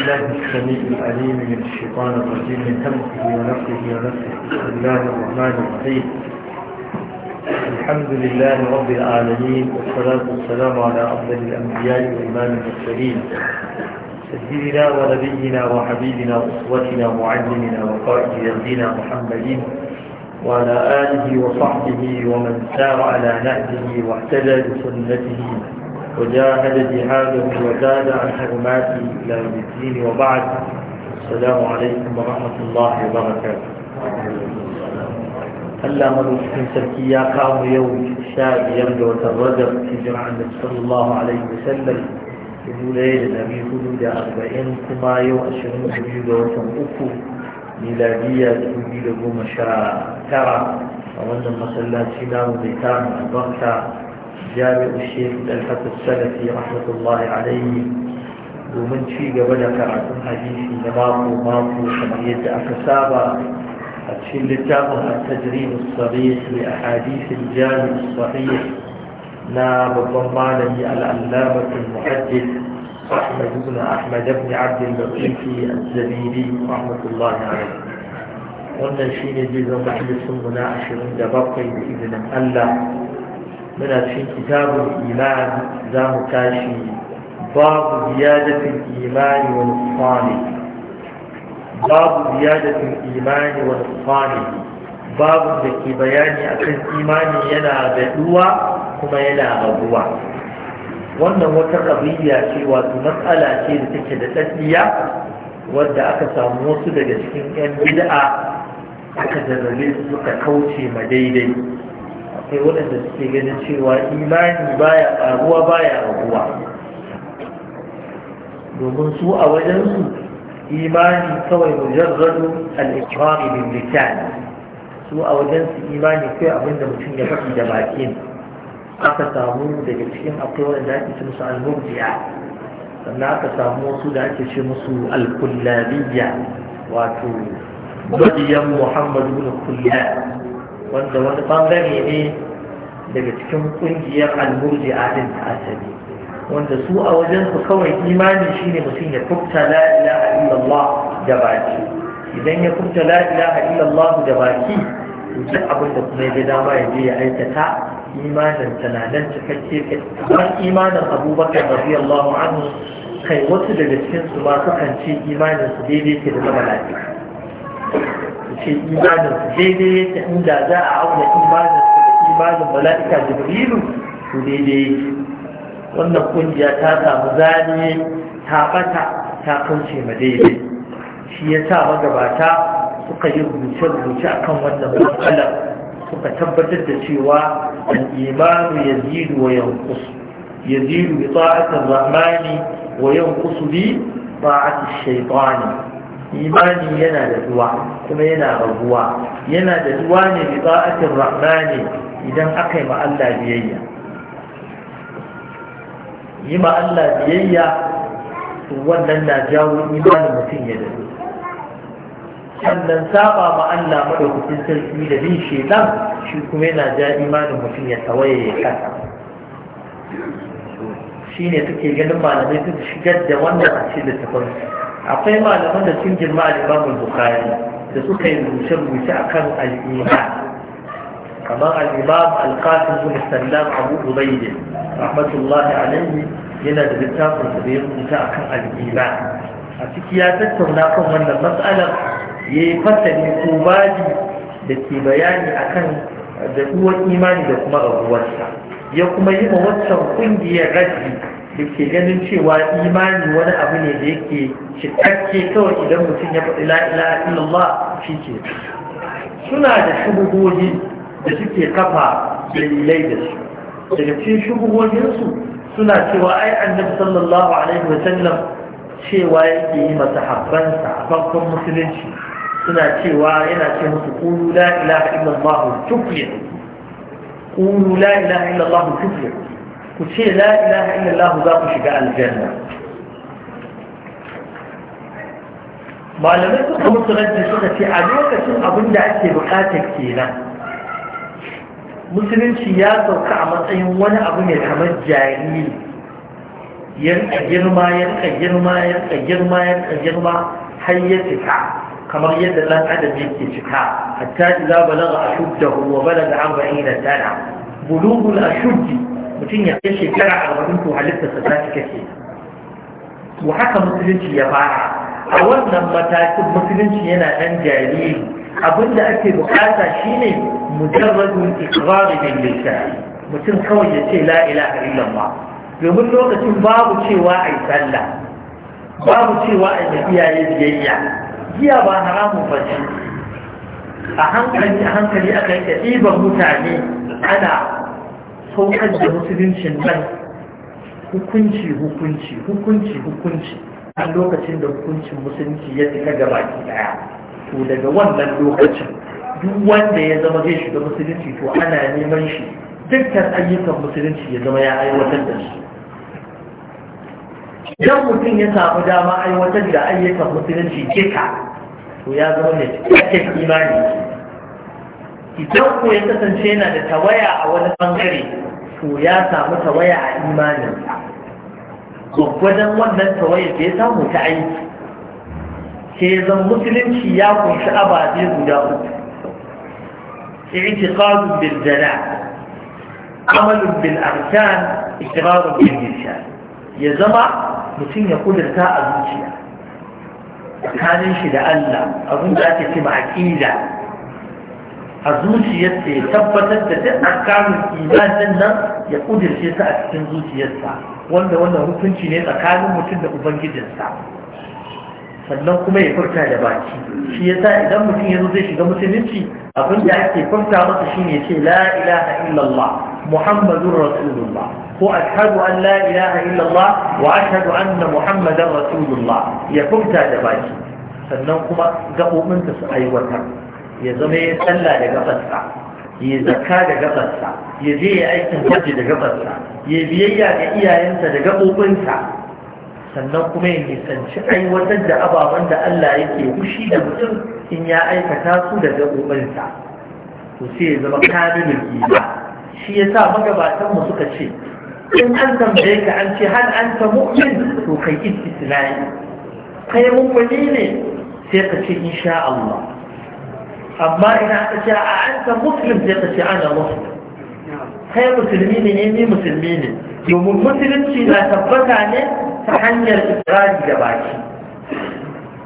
الله السميع العليم من الشيطان الرجيم من همسه ونفسه ونفسه بسم الله الرحمن الرحيم الحمد لله رب العالمين والصلاة والسلام على أفضل الأنبياء وإمام المرسلين سيدنا ونبينا وحبيبنا وأسوتنا ومعلمنا وقائد يدينا محمد وعلى آله وصحبه ومن سار على نهجه واهتدى بسنته وجاهد جهاده وزاد عن حرماته الى يوم الدين وبعد السلام عليكم ورحمه الله وبركاته. هلا مروج في سلكيا قام يوم الشاب يبدو وتردد في عن صلى الله عليه وسلم في ليلة نبي حدود أربعين كما يوم أشهر حدود وتنقفوا ميلادية تنبيل ترى ومن المسلات سلام بيتان أبغتا جامع الشيخ الحق السلفي رحمة الله عليه ومن في قبل كرعتم حديث نماط وماط وشمعيت أكسابا اللي تابه التجريب الصريح لأحاديث الجانب الصحيح ناب الضمانه الألامة المحدث أحمد بن أحمد بن عبد اللطيف الزبيدي رحمة الله عليه قلنا شيء جزء محدث هنا عند دبقي بإذن الله muna cikin kitabun imani za mu tashi babu ziyadatin imani imani wani tsani babu da ke bayani a kan imani yana da kuma yana raguwa wannan wata rabiya ce wato matsala ce da take da tsaddiya wadda aka samu wasu daga cikin yan bid'a aka zarrabe suka kauce ma daidai akwai waɗanda suke ganin cewa imani baya ƙaruwa baya raguwa domin su a wajensu imani kawai mujarradu al-ikrami bil lisan su a wajensu imani kai abinda mutum ya faɗi da bakin aka samu daga cikin akwai waɗanda ake ce musu al-murji'a sannan aka samu wasu da ake ce musu al-kullabiyya wato bajiyan muhammadu bin kullab wanda wani bangare ne daga cikin kungiyar almurji adin asali wanda su a wajen su kawai imani shine mutum ya kubta la ilaha illallah da baki idan ya kubta la ilaha illallah da baki to duk abin da kuma ya dama ya je ya aikata imanin tunanin cikakke kamar imanin abubakar radiyallahu anhu kai wasu daga cikin su ma sukan ce imanin su daidai ke da zama lafiya ce imaninsu daidai yake inda za a auna imaninsu da imanin mala'ika jibrilu su daidai yake wannan kungiya ta samu zane ta bata ta kauce ma daidai shi ya sa magabata suka yi rubuce-rubuce akan wannan matsalar suka tabbatar da cewa al'imanu ya zidu wa yankus ya zidu bi ta'atar rahmani wa yankus bi ta'atar shaitani imani yana da duwa kuma yana raguwa yana da duwa ne bi ta'atin rahmani idan aka yi ma Allah biyayya yi ma Allah biyayya wannan na jawo imanin mutum ya dace sannan saba ma Allah madaukakin sarki da bin shedan shi kuma yana ja imanin mutum ya tawaye ya kasa shi ne suke ganin malamai su shigar da wannan a cikin littafansu akwai malaman da sun girma a limamin bukari da suka yi rubuce-rubuce a kan al'ima kamar al'imam alkafin zuwa sallam abu ubaidi rahmatullahi alaihi yana da littafin da ya rubuta a kan al'ima a ciki ya tattauna kan wannan matsalar ya yi fasali ko baji da ke bayani a kan da imani da kuma rabuwarsa ya kuma yi ma waccan kungiyar raji yake ganin cewa imani wani abu ne da yake cikakke kawai idan mutum ya faɗi la'ila illallah shi ke suna da shubuhohi da suke kafa dalilai da su daga cikin shubuhohinsu suna cewa ai annabi sallallahu alaihi wa sallam cewa yake yi masa habbansa a farkon musulunci suna cewa yana ce musu qulu la ilaha illallah tuflih qulu la ilaha illallah tuflih ku ce la ilaha illallah za ku shiga aljanna malamai suka musu rajin suka ce a lokacin abin da ake bukatar kenan musulunci ya sauka a matsayin wani abu mai kamar jariri yanka girma yanka girma yanka girma yanka girma har ya cika kamar yadda ɗan adam yake cika hatta idza balagha ashuddahu wa balaga 40 sana bulughul ashuddi mutum ya kai shekara arba'in to halittarsa za ta kashe to haka musulunci ya fara a wannan matakin musulunci yana ɗan jariri abinda ake bukata shine mujarradun da bil lisan mutum kawai ya ce la ilaha illallah domin lokacin babu cewa yi sallah babu cewa ai iyaye biyayya giya ba haramun ba a hankali a hankali aka yi ɗiban mutane ana saukar da musuluncin nan hukunci hukunci hukunci hukunci a lokacin da hukuncin musulunci ya cika gaba daya to daga wannan lokacin duk wanda ya zama zai shiga musulunci to ana neman shi dukkan ayyukan musulunci ya zama ya aiwatar da su idan mutum ya samu dama aiwatar da ayyukan musulunci duka to ya zama ne cikakken imani idan ko ya kasance yana da tawaya a wani bangare to ya samu tawaya a imaninsa gwaggwadon wannan tawaya da ya samu ta aiki ke zan musulunci ya kunshi ababe guda uku i'tiqadun bil jana amalun bil arkan iqrarun bil lisan ya zama mutum ya kudurta a zuciya tsakanin shi da Allah abin da ake ce ma aqida a zuciyarsa ya tabbatar da duk akamun imanin nan ya kudirce su a cikin zuciyarsa wanda wannan hukunci ne tsakanin mutum da ubangijinsa sannan kuma ya furta da baki shi yasa idan mutum ya zo zai shiga musulunci abin da ake furta masa shine ya ce la ilaha illallah muhammadun rasulullah ko ashhadu an la ilaha illallah wa ashhadu anna muhammadan rasulullah ya furta da baki sannan kuma gaɓoɓinsa su aiwatar ya zama ya sallah da gafarsa ya zakka da gafarsa ya je ya aikin hajji da gafarsa ya biyayya ga iyayensa da gabobinsa sannan kuma ya nisanci aiwatar da ababen da Allah yake fushi da mutum in ya aikata su da gabobinsa to sai ya zama kamilin iman shi yasa sa mu suka ce in an tambaye ka an ce hal anta mu'min to kai istisnai kai mu'mini ne sai ka ce insha Allah amma ina aka ce a an ta muslim sai ka ce ana muslim kai musulmi ne ne eh, ni musulmi ne domin musulunci na tabbata ne ta hanyar ikirari da baki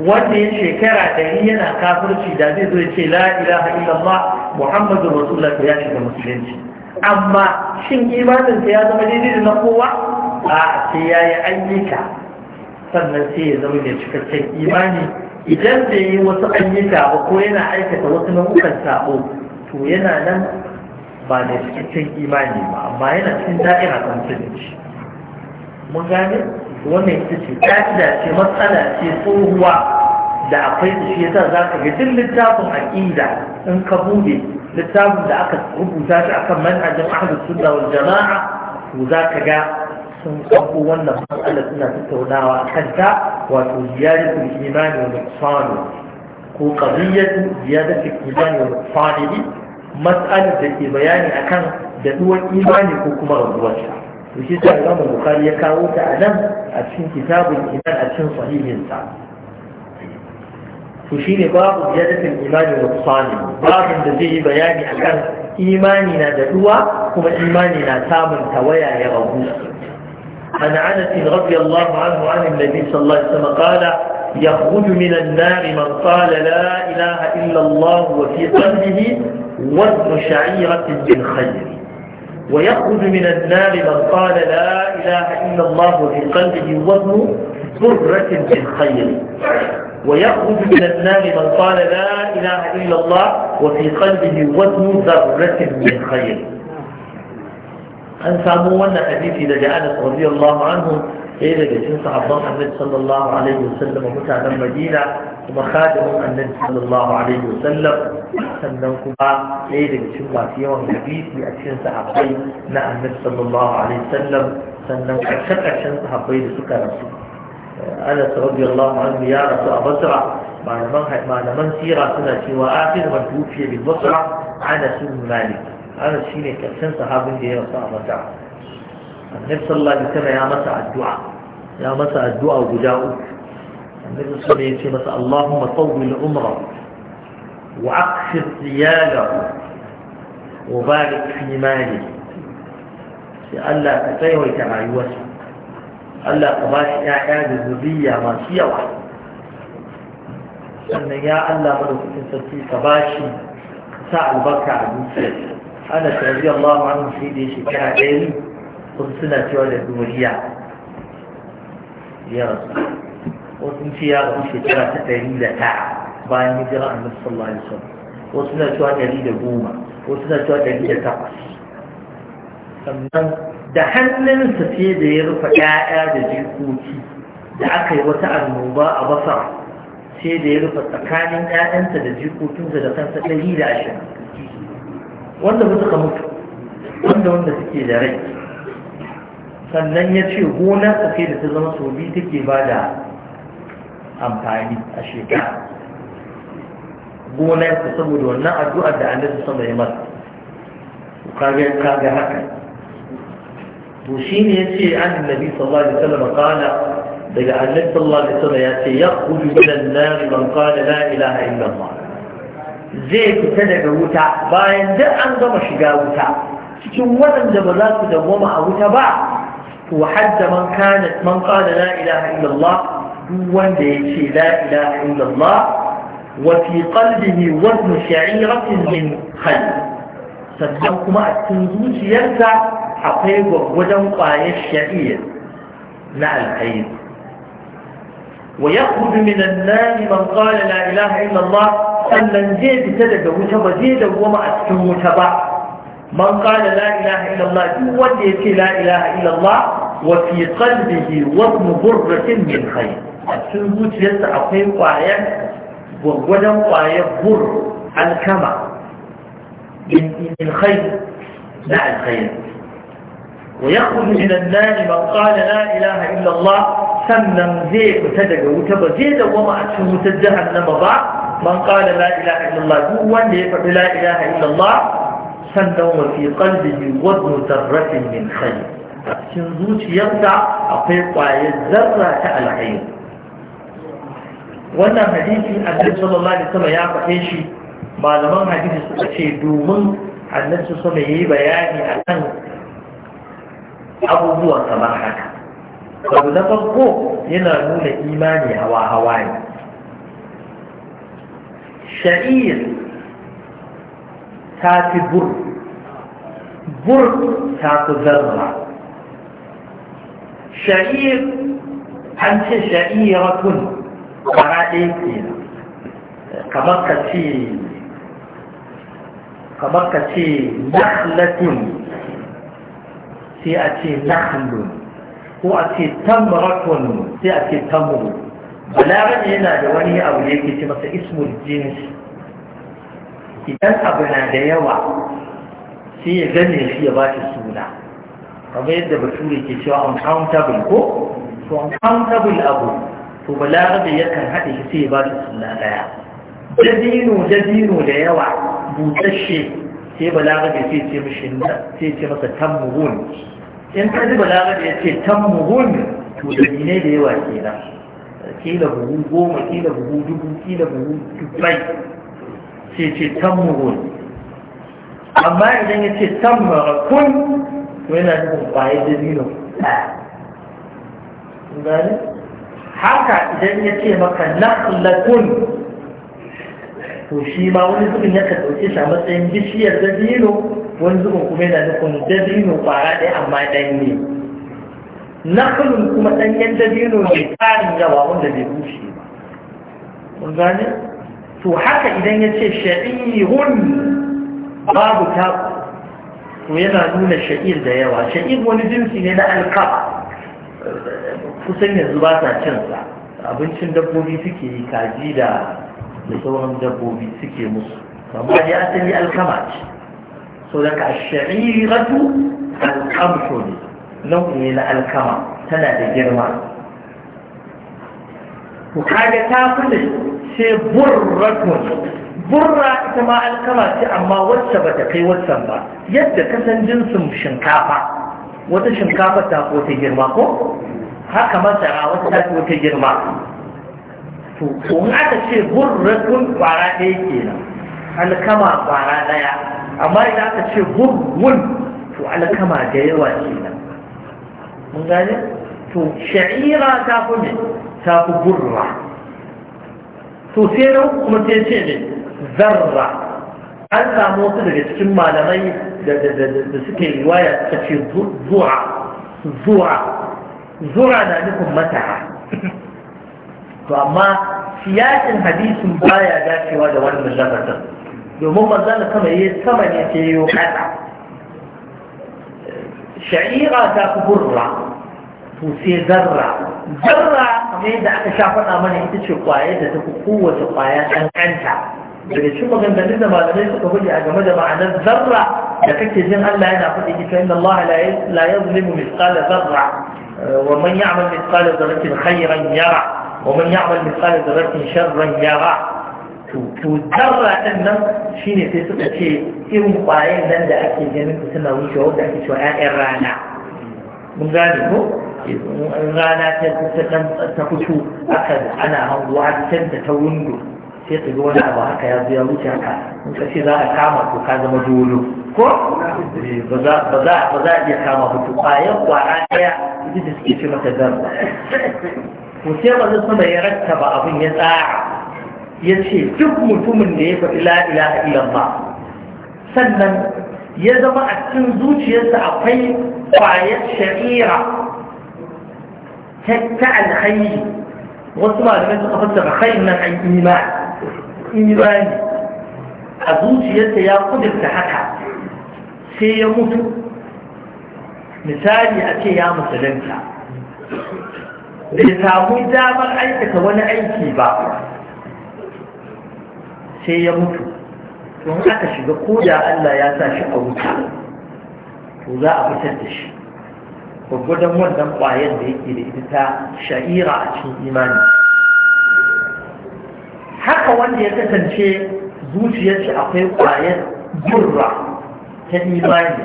wanda ya shekara ɗari yana kafirci da zai zo ya ce la ilaha illallah muhammadu rasulullah ya da musulunci amma shin imaninsa ya zama daidai da na kowa a sai ya yi ayyuka sannan sai ya zama da cikakken imani idan bai yi wasu ayyuka ba ko yana aikata wasu nau'ukan sabo to yana nan ba da cikakken imani ba amma yana cikin da'ira ta musulunci mun gane wannan ita ce ƙa'ida ce matsala ce tsohuwa da akwai da shi yasa za ka ga duk littafin aƙida in ka bude littafin da aka rubuta shi akan manhajin ahlus sunna wal jama'a to za ka ga sun ɗauko wannan matsala suna tattaunawa a kanta wato ziyarar ziyaratul imani wa nuqsanu ko qadiyatu ziyaratul imani wa nuqsanihi mas'alar da ke bayani akan daɗuwar imani ko kuma rabuwarsa to shi sa Imam Bukhari ya kawo ta a nan a cikin kitabun iman a cikin sahihinsa to shine babu ziyaratul imani wa nuqsanihi babin da zai yi bayani akan imani na daɗuwa kuma imani na samun tawaya ya rabu عن عنس رضي الله عنه عن النبي صلى الله عليه وسلم قال يخرج من النار من قال لا إله إلا الله وفي قلبه وزن شعيرة من خير ويخرج من النار من قال لا إله إلا الله وفي قلبه وزن ذرة من خير ويخرج من النار من قال لا إله إلا الله وفي قلبه وزن ذرة من خير an samu wannan hadisi daga Anas radiyallahu anhu sai daga cikin sahabban Annabi sallallahu alaihi wasallam mutanen Madina kuma khadimin Annabi sallallahu alaihi wasallam sannan kuma sai daga cikin masu yawan hadisi a cikin sahabbai na Annabi sallallahu alaihi wasallam sannan karshe-karshen sahabbai da suka rasu Anas radiyallahu anhu ya rasu a Basra malaman sira suna cewa akhir man tufiya bil Basra Anas ibn Malik هذا الشيء ne ƙarshen sahabin da ya rasu الله mata annabi sallallahu alaihi يا ya الدعاء addu'a ya النبي صلى الله عليه وسلم اللهم طول عمره وأقصر رياله وبارك في ماله ألا تطيعه تعيوس ألا تباش إعياد الذرية ما سيوا أن يا ألا ملك في تباشي ساعة البركة عن نسيته ana tarbi Allah wa an sai da ya shekara ɗaya wasu suna cewa da duniya ya rasu wasu ce ya rasu shekara ta ɗari da ta bayan hijira a nufin sallallahu alaihi wasallam wasu suna cewa ɗari da goma wasu suna cewa ɗari da takwas sannan da hannunsa sai da ya rufe ɗaya da jikoki da aka yi wata annoba a basar sai da ya rufe tsakanin 'ya'yansa da jikokinsa da kansa ɗari da ashirin wanda ba suka mutu wanda wanda suke da rai sannan ya ce gonar ta sai da ta zama sau biyu take ba da amfani a shekara gonar ta saboda wannan addu'ar da annabi sama ya masa kaga kaga haka to ce an annabi sallallahu alaihi wasallam kana daga annabi sallallahu alaihi wasallam yace yakhruju min an-nar man qala la ilaha illa allah zai fita daga wuta bayan duk an gama shiga wuta cikin waɗanda ba za su dawwama a wuta ba to hadda man kana man qala la ilaha illallah duk wanda ya ce la ilaha illallah wa fi qalbihi wazn sha'iratin min khal sannan kuma a cikin zuciyarsa akwai gwagwajen ƙwayar sha'ir na alkhairi ويخرج من النار من قال لا إله إلا الله من زيد سدد وشب زيد وما أتكم تبع من قال لا إله إلا الله وليس لا إله إلا الله وفي قلبه وطن برة من خير أتكم تبع أخير قاية وغدم قاية بر الكمع من خير لا الخير ويخرج من النار من قال لا إله إلا الله sannan zai fita daga wuta ba zai goma a cikin wutar jahannama ba man kada la ilaha illallah duk wanda ya faɗi la ilaha illallah sannan wa fi qalbihi wadnu tarratin min khayr cikin zuciyarsa akwai ƙwayar zarra ta alkhairi wannan hadisi annabi sallallahu alaihi wasallam ya faɗe shi malaman hadisi suka ce domin annabi sallallahu alaihi wasallam yayi bayani akan abubuwan kamar haka abu na farko yana nuna imani hawa hawa ne sha'ir ta fi bur bur ta fi zarra sha'ir an ce kun kara ɗaya ke kamar ka ce kamar ka ce nakhlatin sai a ce nakhlun ko a ce tamratun sai a ce tamru balarabe yana da wani abu da yake ce masa ismul jins idan abu na da yawa sai ya gane shi ya ba shi suna kamar yadda bature ke cewa uncountable ko to uncountable abu to balarabe yakan haɗe shi sai ya ba shi suna ɗaya dabino dabino da yawa busasshe sai balarabe sai ce mishi sai ce masa tamurun in ka ji balaga da ya ce tan muhun to da ne da yawa ke nan kila buhu goma kila buhu dubu kila buhu dubai sai ce tan muhun amma idan ya ce tan marakun to yana da kwayar dalilin gani haka idan ya ce maka nakhlakun to shi ma wani zubin ya ka ɗauke shi a matsayin bishiyar dalilin wani zubin kuma yana nufin dabino kwara ɗaya amma ɗanye nakulun kuma ɗanyen dabino mai tarin yawa wanda bai bushe ba kun gane to haka idan ya ce sha'irun babu taku to yana nuna sha'ir da yawa sha'ir wani jinsi ne na alkaf kusan yanzu ba sa cin sa abincin dabbobi suke yi kaji da da sauran dabbobi suke musu amma dai asali alkama ce لك الشعيرة القمح نوعي إلى الكرم تنا بجرمة وحاجة تاقل سي برة برة إتماع الكرم سي أما والسبة تقي والسبة يبدأ كسن جنس شنكافة وتا شنكافة تاقو تجرمة ها كما سعى وتا تاقو تجرمة وعندما تقول برة وعلى أيكينا الكرم وعلى أيكينا amma idan aka ce gurgun to alkama da yawa ce nan mun gane to sha'ira ta fi ne ta fi gurra to sai na kuma sai ce ne zarra an samu wasu daga cikin malamai da suke riwaya suka ce zuwa zuwa zuwa na nufin mataha to amma siyasin hadisin baya dacewa da wannan lamarin domin manzan sama ya sama ne sai ya kasa sha'ira ta fi burra to sai zarra zarra kamar yadda aka sha faɗa mana ita ce kwaya da ta fi kowace kwaya ɗan kanta daga cikin maganganun da malamai suka gudu a game da ma'anar zarra da kake jin Allah yana faɗi ita inna Allah la yazlimu mithqala zarra wa man ya'mal mithqala dharratin khayran yara wa man ya'mal mithqala dharratin sharran yara to raɗin ɗin nan shine sai suka ce irin ƙwayen nan da ake ganin su suna wucewa wanda ake cewa 'ya'yan rana mun gane ko rana ta fito aka ana hanguwa can ta ta windo sai ta wani abu haka ya zuya wuce haka in ka ce za a kama ko ka zama dolo ko ba za a iya kama ku, ƙwayar ƙwara ɗaya ita da suke ce mata zarra ko sai ba zai sama ya rattaba abin ya tsara ya ce duk mutumin da ya faɗi la'ilaha illallah sannan ya zama a cikin zuciyarsa akwai kwayar shari'a ta alhairi wasu malamai suka fassara khair nan an imani imani a zuciyarsa ya kudurta haka sai ya mutu misali a ce ya musulunta bai samu damar aikata wani aiki ba sai ya mutu to in aka shiga ko da Allah ya sa shi a wuta to za a fitar da shi gwaggwadon wannan ƙwayar da yake da ita ta sha'ira a cikin imani haka wanda ya kasance zuciyarsa akwai ƙwayar gurra ta imani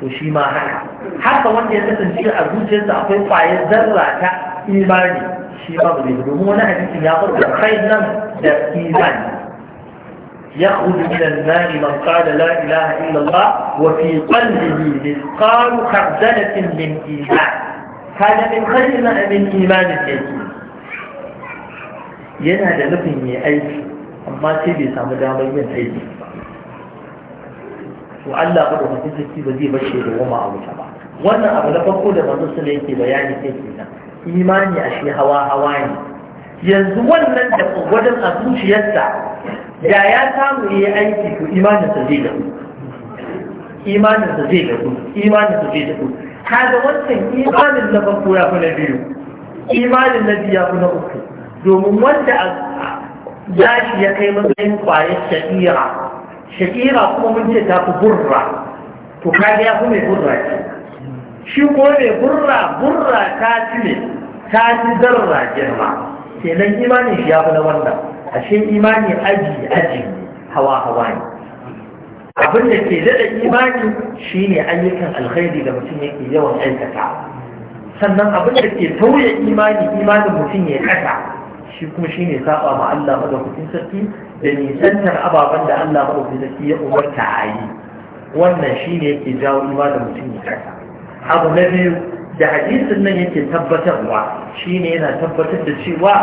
to shi ma haka haka wanda ya kasance a zuciyarsa akwai ƙwayar zarra ta imani shi ma ba zai domin wani hadisin ya farko kai nan da imani يخرج من الماء من قال لا اله الا الله وفي قلبه مثقال خردله من ايمان هذا من خير من ايمان اليتيم ينا ده نفي مي ايكي اما سي بي سامو دامر يين ايكي والله قد وفي سكي بدي بشير وما ابو تبع وانا ابو لفقو ده بس ليكي بياني كيكي ايماني اشي هوا هواني ينزو ولن تقو ودن ابو شيسا da ya samu yi aiki ku imaninsa zai da imaninsa zai da imaninsa zai da kaga wancan imanin na farko ya fi na biyu imanin na biyu ya fi na uku domin wanda a zashi ya kai matsayin kwaye Shakira, Shakira kuma mun ce ta fi burra to kaga ya fi mai burra ce shi ko mai burra burra ta ci ne ta ci zarra girma kenan imanin shi ya fi na wannan ashe imani aji aji hawa hawa ne abin da ke daɗa imani shine ayyukan alkhairi da mutum yake yawan aikata sannan abin da ke tauye imani imanin mutum ya kasa shi kuma shine saba ma Allah madaukakin sarki da nisantar ababen da Allah madaukakin sarki ya umarta a yi wannan shine yake jawo imanin mutum ya kasa abu na biyu da hadisin nan yake tabbatarwa shine yana tabbatar da cewa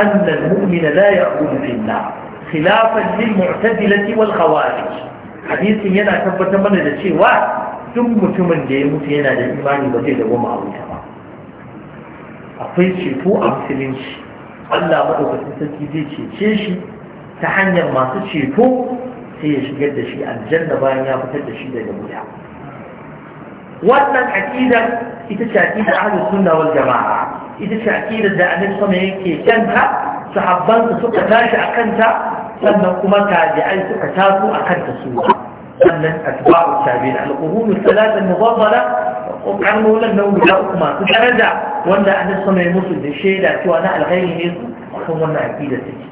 annal mu'mina la ya'budu illa khilafan lil mu'tazilati wal khawarij hadisin yana tabbatar mana da cewa duk mutumin da ya mutu yana da imani ba zai dawo ma wuta ba akwai ceto a musulunci Allah madaukakin sarki zai cece shi ta hanyar masu ceto sai ya shigar da shi aljanna bayan ya fitar da shi daga wuta wannan aqidar ita ce aqidar ahlus sunna wal jama'a ita ce aqidar da annabi sama yake kanta sahabban su suka tashi a kanta sannan kuma tabi'ai suka taso a kanta su sannan atba'u tabi'in al-qurun al-thalath al-mufaddala qarnulan nan guda uku masu daraja wanda annabi sama ya musu da shaida cewa na alkhairi ne su akan wannan aqidar take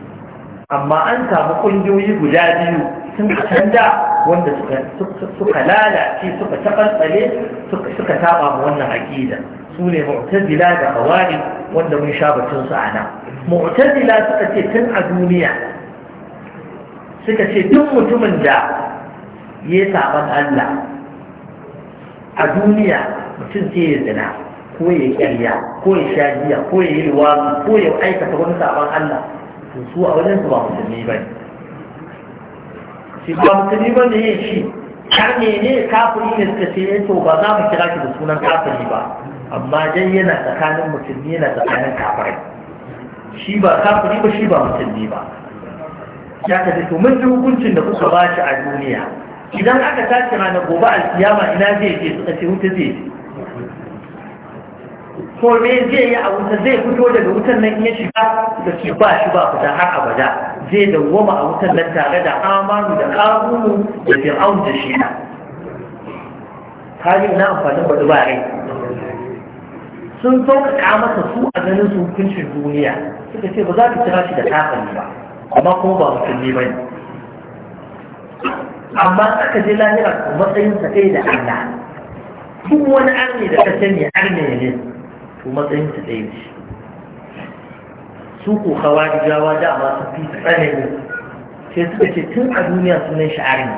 amma an samu kungiyoyi guda biyu sun canza wanda suka lalace suka taɓarɓare suka taɓa wa wannan aƙida su ne mu'tazila da hawari wanda mun sha batun su a nan mu'tazila suka ce tun a duniya suka ce duk mutumin da ya saban Allah a duniya mutum sai ya zina ko ya ƙarya ko ya sha giya ko ya yi ko ya aikata wani saban Allah to su a wajen su ba musulmi ba ne shi ba musulmi ba ne shi kar ne ne kafiri ne suka ce eh, to ba za mu kira shi da sunan kafiri ba amma dai yana tsakanin mutum ne yana tsakanin kafirai shi ba kafiri ba shi ba ne ba ya ka to mun ji hukuncin da kuka ba shi a duniya idan aka tashi ranar gobe alkiyama ina zai je suka ce wuta zai ko me zai yi a wuta zai fito daga wutan nan ya shiga da ke ba shi ba fita har abada zai dawwama a wutar nan tare da amanu da ƙarunu da fir'aun da shi kaji na amfanin ba ba rai sun sauƙaƙa masa su a ganin su hukuncin duniya suka ce ba za ka kira shi da kafin ba amma kuma ba musulmi ba ne amma aka je lahira sa ɗaya da Allah duk wani arne da ka sani arne ne to matsayinsa ɗaya ne su ko khawarijawa da ma su fi tsanani sai suka ce tun a duniya sunan sha'ari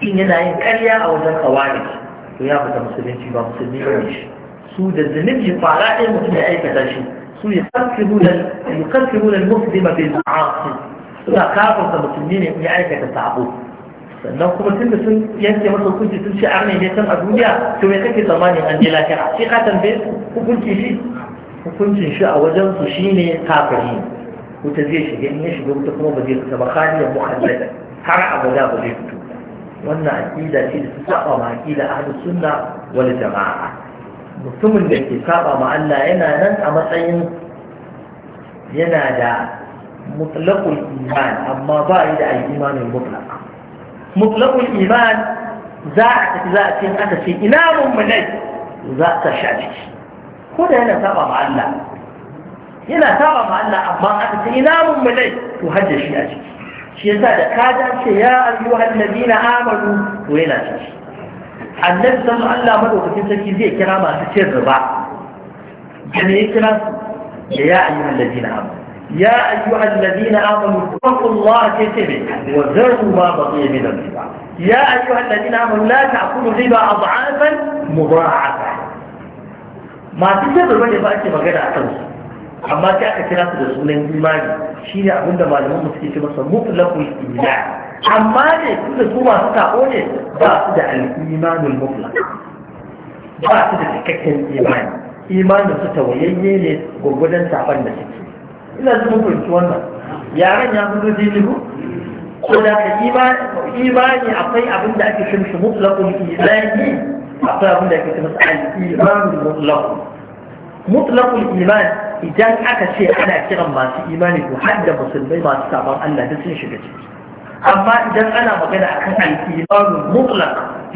in yana yin karya a wajen khawarij to ya fita musulunci ba musulmi ba ne shi su da zunubi fara ɗaya mutum ya aikata shi su ya karfiru da musulmi ba mafi ma'asi suna kafarta musulmi ne ya aikata sabo sannan kuma tun da sun yanke masa hukunci sun ce arne ne can a duniya to ya kake tsammanin an je lafiya sai ka tambaye hukunci shi hukuncin shi a wajen su shine kafari wuta zai shiga in ya shiga wuta kuma ba zai fita ba khaliyan mukhallada har abada ba zai fito wannan aƙida ce da su saba ma aqida ahlus sunna wani jamaa mutumin da ke saba ma Allah yana nan a matsayin yana da mutlaqul iman amma ba yi da al-imanul mutlaq mutlaqul iman za a tafi za a ce aka ce ina mun mulai za ta sha ciki ko da yana saba ma Allah yana saba ma Allah amma aka ce ina mun mulai to hajjar shi a ciki shi yasa da ka ce ya ayyuhal ladina amanu to yana ciki annabi sallallahu Allah madaukakin sarki zai kira masu cin riba da ne ya kira su da ya ayyuhal ladina amanu ya ayyuhal ladina amanu taqullaha kace ne wa zaru ma baqiya min riba ya ayyuhal ladina amanu la ta'kulu riba ad'afan mudha'afa masu sabarwa ne ba ake magana a su amma sai aka kira su da sunan imani shi ne da malaman musu ke masa mutlaqul iman amma ne su da su masu taɓo ne ba su da al'imanin mutu ba su da cikakken imani imanin su tawayayye ne gwagwadon saban da suke ina zuwa kunci wannan yaran ya fito dili ko ko da ka imani akwai abin da ake mutu mutlaqul imani akwai abin da ake kira al-iman mutlaq iman idan aka ce ana kiran masu imani to har da musulmai masu saban Allah da sun shiga ciki amma idan ana magana akan al-iman mutlaq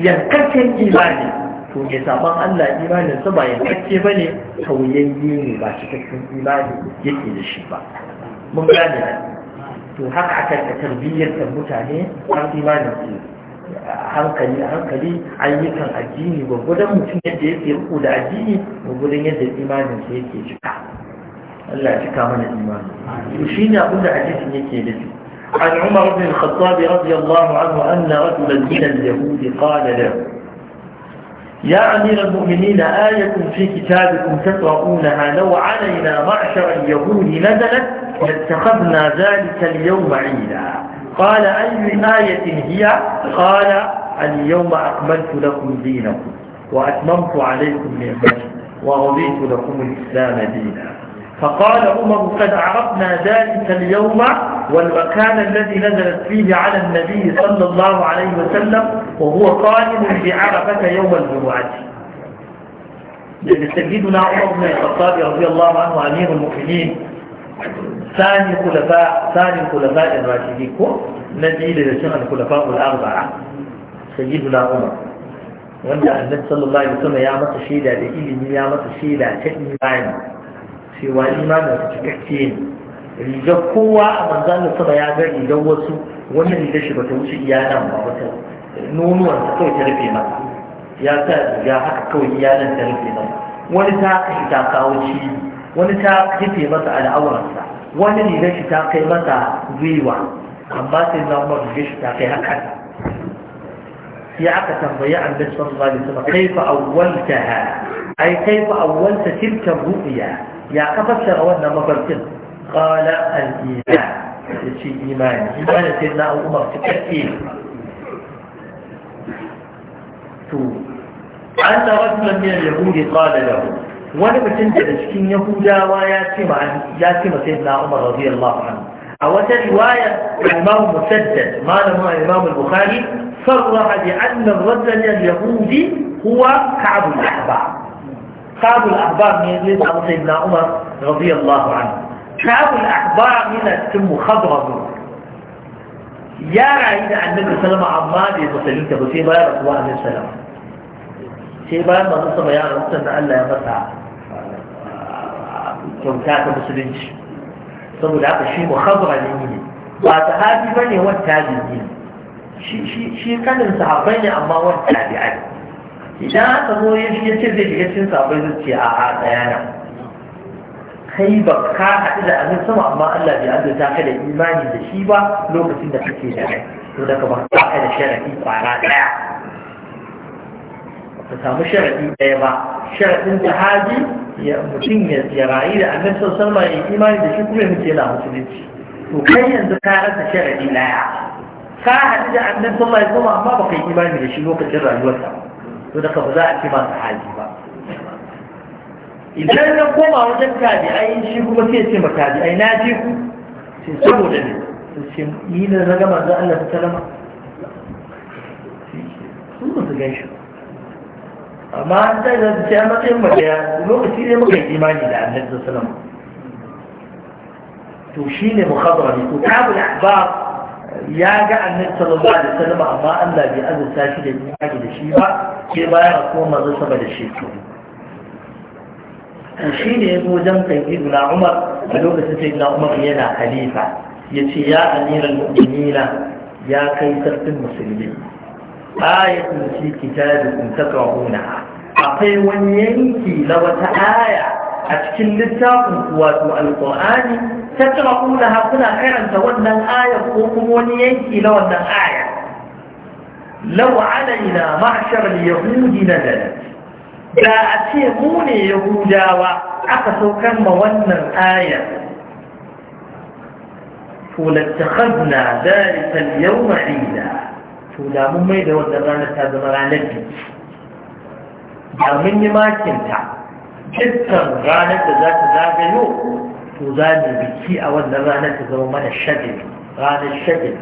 yankakken imani to ne sabon Allah imanin sa ba yankakke bane tauyayye ne ba cikakken imani yake da shi ba mun gane to haka aka tarbiyyar mutane har imanin su hankali hankali ayyukan addini gwagwadon mutum yadda yake riko da addini gwagwadon yadda imanin sa yake cika Allah ya cika mana imani shi ne abin da hadisin yake nufi عن عمر بن الخطاب رضي الله عنه أن رجلا من اليهود قال له يا أمير المؤمنين آية في كتابكم تقرؤونها لو علينا معشر اليهود نزلت لاتخذنا ذلك اليوم عيدا قال أي آية هي قال اليوم أكملت لكم دينكم وأتممت عليكم نعمتي ورضيت لكم الإسلام دينا فقال عمر قد عرفنا ذلك اليوم والمكان الذي نزلت فيه على النبي صلى الله عليه وسلم وهو قائم بعرفة يوم الجمعة يعني سيدنا عمر بن الخطاب رضي الله عنه أمير المؤمنين ثاني خلفاء ثاني خلفاء الراشدين كو نجيل لسنة الخلفاء الأربعة سيدنا عمر wanda annabi sallallahu alaihi wasallam ya masa shaida da ilimi ya masa shaida ta imani cewa imanin ta cikakke ne rigar kowa a manzan sama ya ga rigar wasu wannan rigar shi bata wuce iya ba wata nonuwan ta kawai ta rufe masa ya sa riga haka kawai iya ta rufe masa wani ta kashi ta kawo cibi wani ta rufe masa al'awarsa wani rigar shi ta kai masa gwiwa amma sai na umar da shi ta kai hakan sai aka tambayi annabi sallallahu alaihi wasallam kaifa awwaltaha ai kaifa awwalta tilka ru'ya ya ka fassara wannan mafarkin qala al-iman yace imani imani sai na umar ta cikakke to an أن رجلا من اليهود قال له wani mutum da cikin yahudawa ya ce ma ya ce ma sayyidina umar radiyallahu anhu a wata riwaya imam musaddad malamin imam al-bukhari sarraha bi anna ar-rajul al-yahudi huwa ka'b al-ahbar ka'b al-ahbar ne ne da na umar radiyallahu anhu ka'b al-ahbar ne al-tim khadram ya rayu da annabi sallama amma bai musulunta ba sai bayan rasuwa annabi sallama sai bayan masu sama ya yaran sannan Allah ya masa kyauta ta musulunci saboda haka shi muhammara ne ne ba ta ba ne wani tabi'i ne shi kanin sahabbai ne amma wani tabi'a ne idan aka zo ya shi yace zai shiga cikin sahabbai zai ce a a tsayana kai ba ka haɗu da abin sama amma Allah bai azurta ka da imani da shi ba lokacin da kake da rai to daga ba ka da sharafi kwara ɗaya ta samu sharaɗi ɗaya ba sharaɗin Haji, ya mutum ya rayu da annabi sallallahu alaihi wasallam imani da shi kuma ya mutu yana musulunci to kai yanzu ka rasa sharaɗi ɗaya ka haɗu da annabi sallallahu alaihi wasallam amma baka yi imani da shi lokacin rayuwarsa to da ba za a ce ba sahabi ba idan na koma wajen tabi'ai shi kuma sai ce ma tabi'ai na ji ku sai saboda ne sai ni na zaga manzo Allah sallallahu alaihi sun su gan amma an ta da ta matsayin mu lokaci ne muka yi imani da annabi sallallahu alaihi wasallam to shine mukhadara ne to tabul ahbab ya ga annabi sallallahu alaihi wasallam amma Allah bai azurta shi da imani da shi ba sai baya a koma zai saba da shekaru to shine yazo wajen na Umar a lokacin na Umar yana khalifa yace ya amiral mu'minina ya kai sarkin musulmi ayatul fi kitabikum takrahuna akwai wani yanki na wata aya a cikin littafin wato alƙur'ani ta cira kuna kuna karanta wannan aya ko kuma wani yanki na wannan aya lau alaina ma'ashar yahudi na dalat da a ce mu ne yahudawa aka saukar ma wannan ayar فلاتخذنا ذلك اليوم عيدا فلا مميدة والدرانة هذا مرانة da mun makinta dukkan ranar da za ta zagayo to za mu biki a wannan ranar ta zama mana shagin. ranar shagin.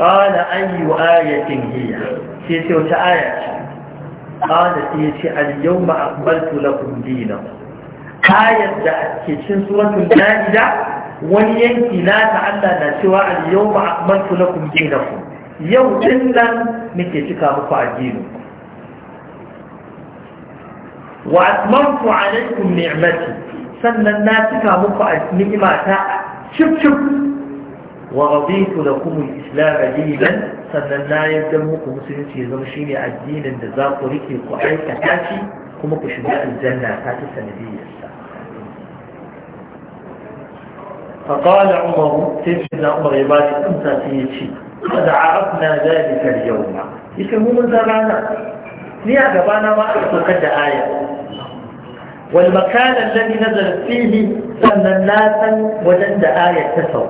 an yi wa ayatin hiya sai ce wata aya ce qala sai ce al yawma akmaltu lakum dinakum ayat da ke cikin suratul naida wani yanki na ta na cewa al yawma akmaltu lakum dinakum yau din nan nake cika muku addinin wa atmamtu alaikum ni'mati sannan na cika muku ni'imata cip cip wa raditu lakum al-islam dinan sannan na yadda muku musulunci ya zama shine addinin da za ku rike ku aikata shi kuma ku shiga aljanna ta ta sanadiyyarsa فقال عمر سيدنا عمر يبارك أنت في شيء قد عرفنا ذلك اليوم من زمانا يا جبانا ما أتوقد آية والمكان الذي نزلت فيه الناس وجد آية تسوى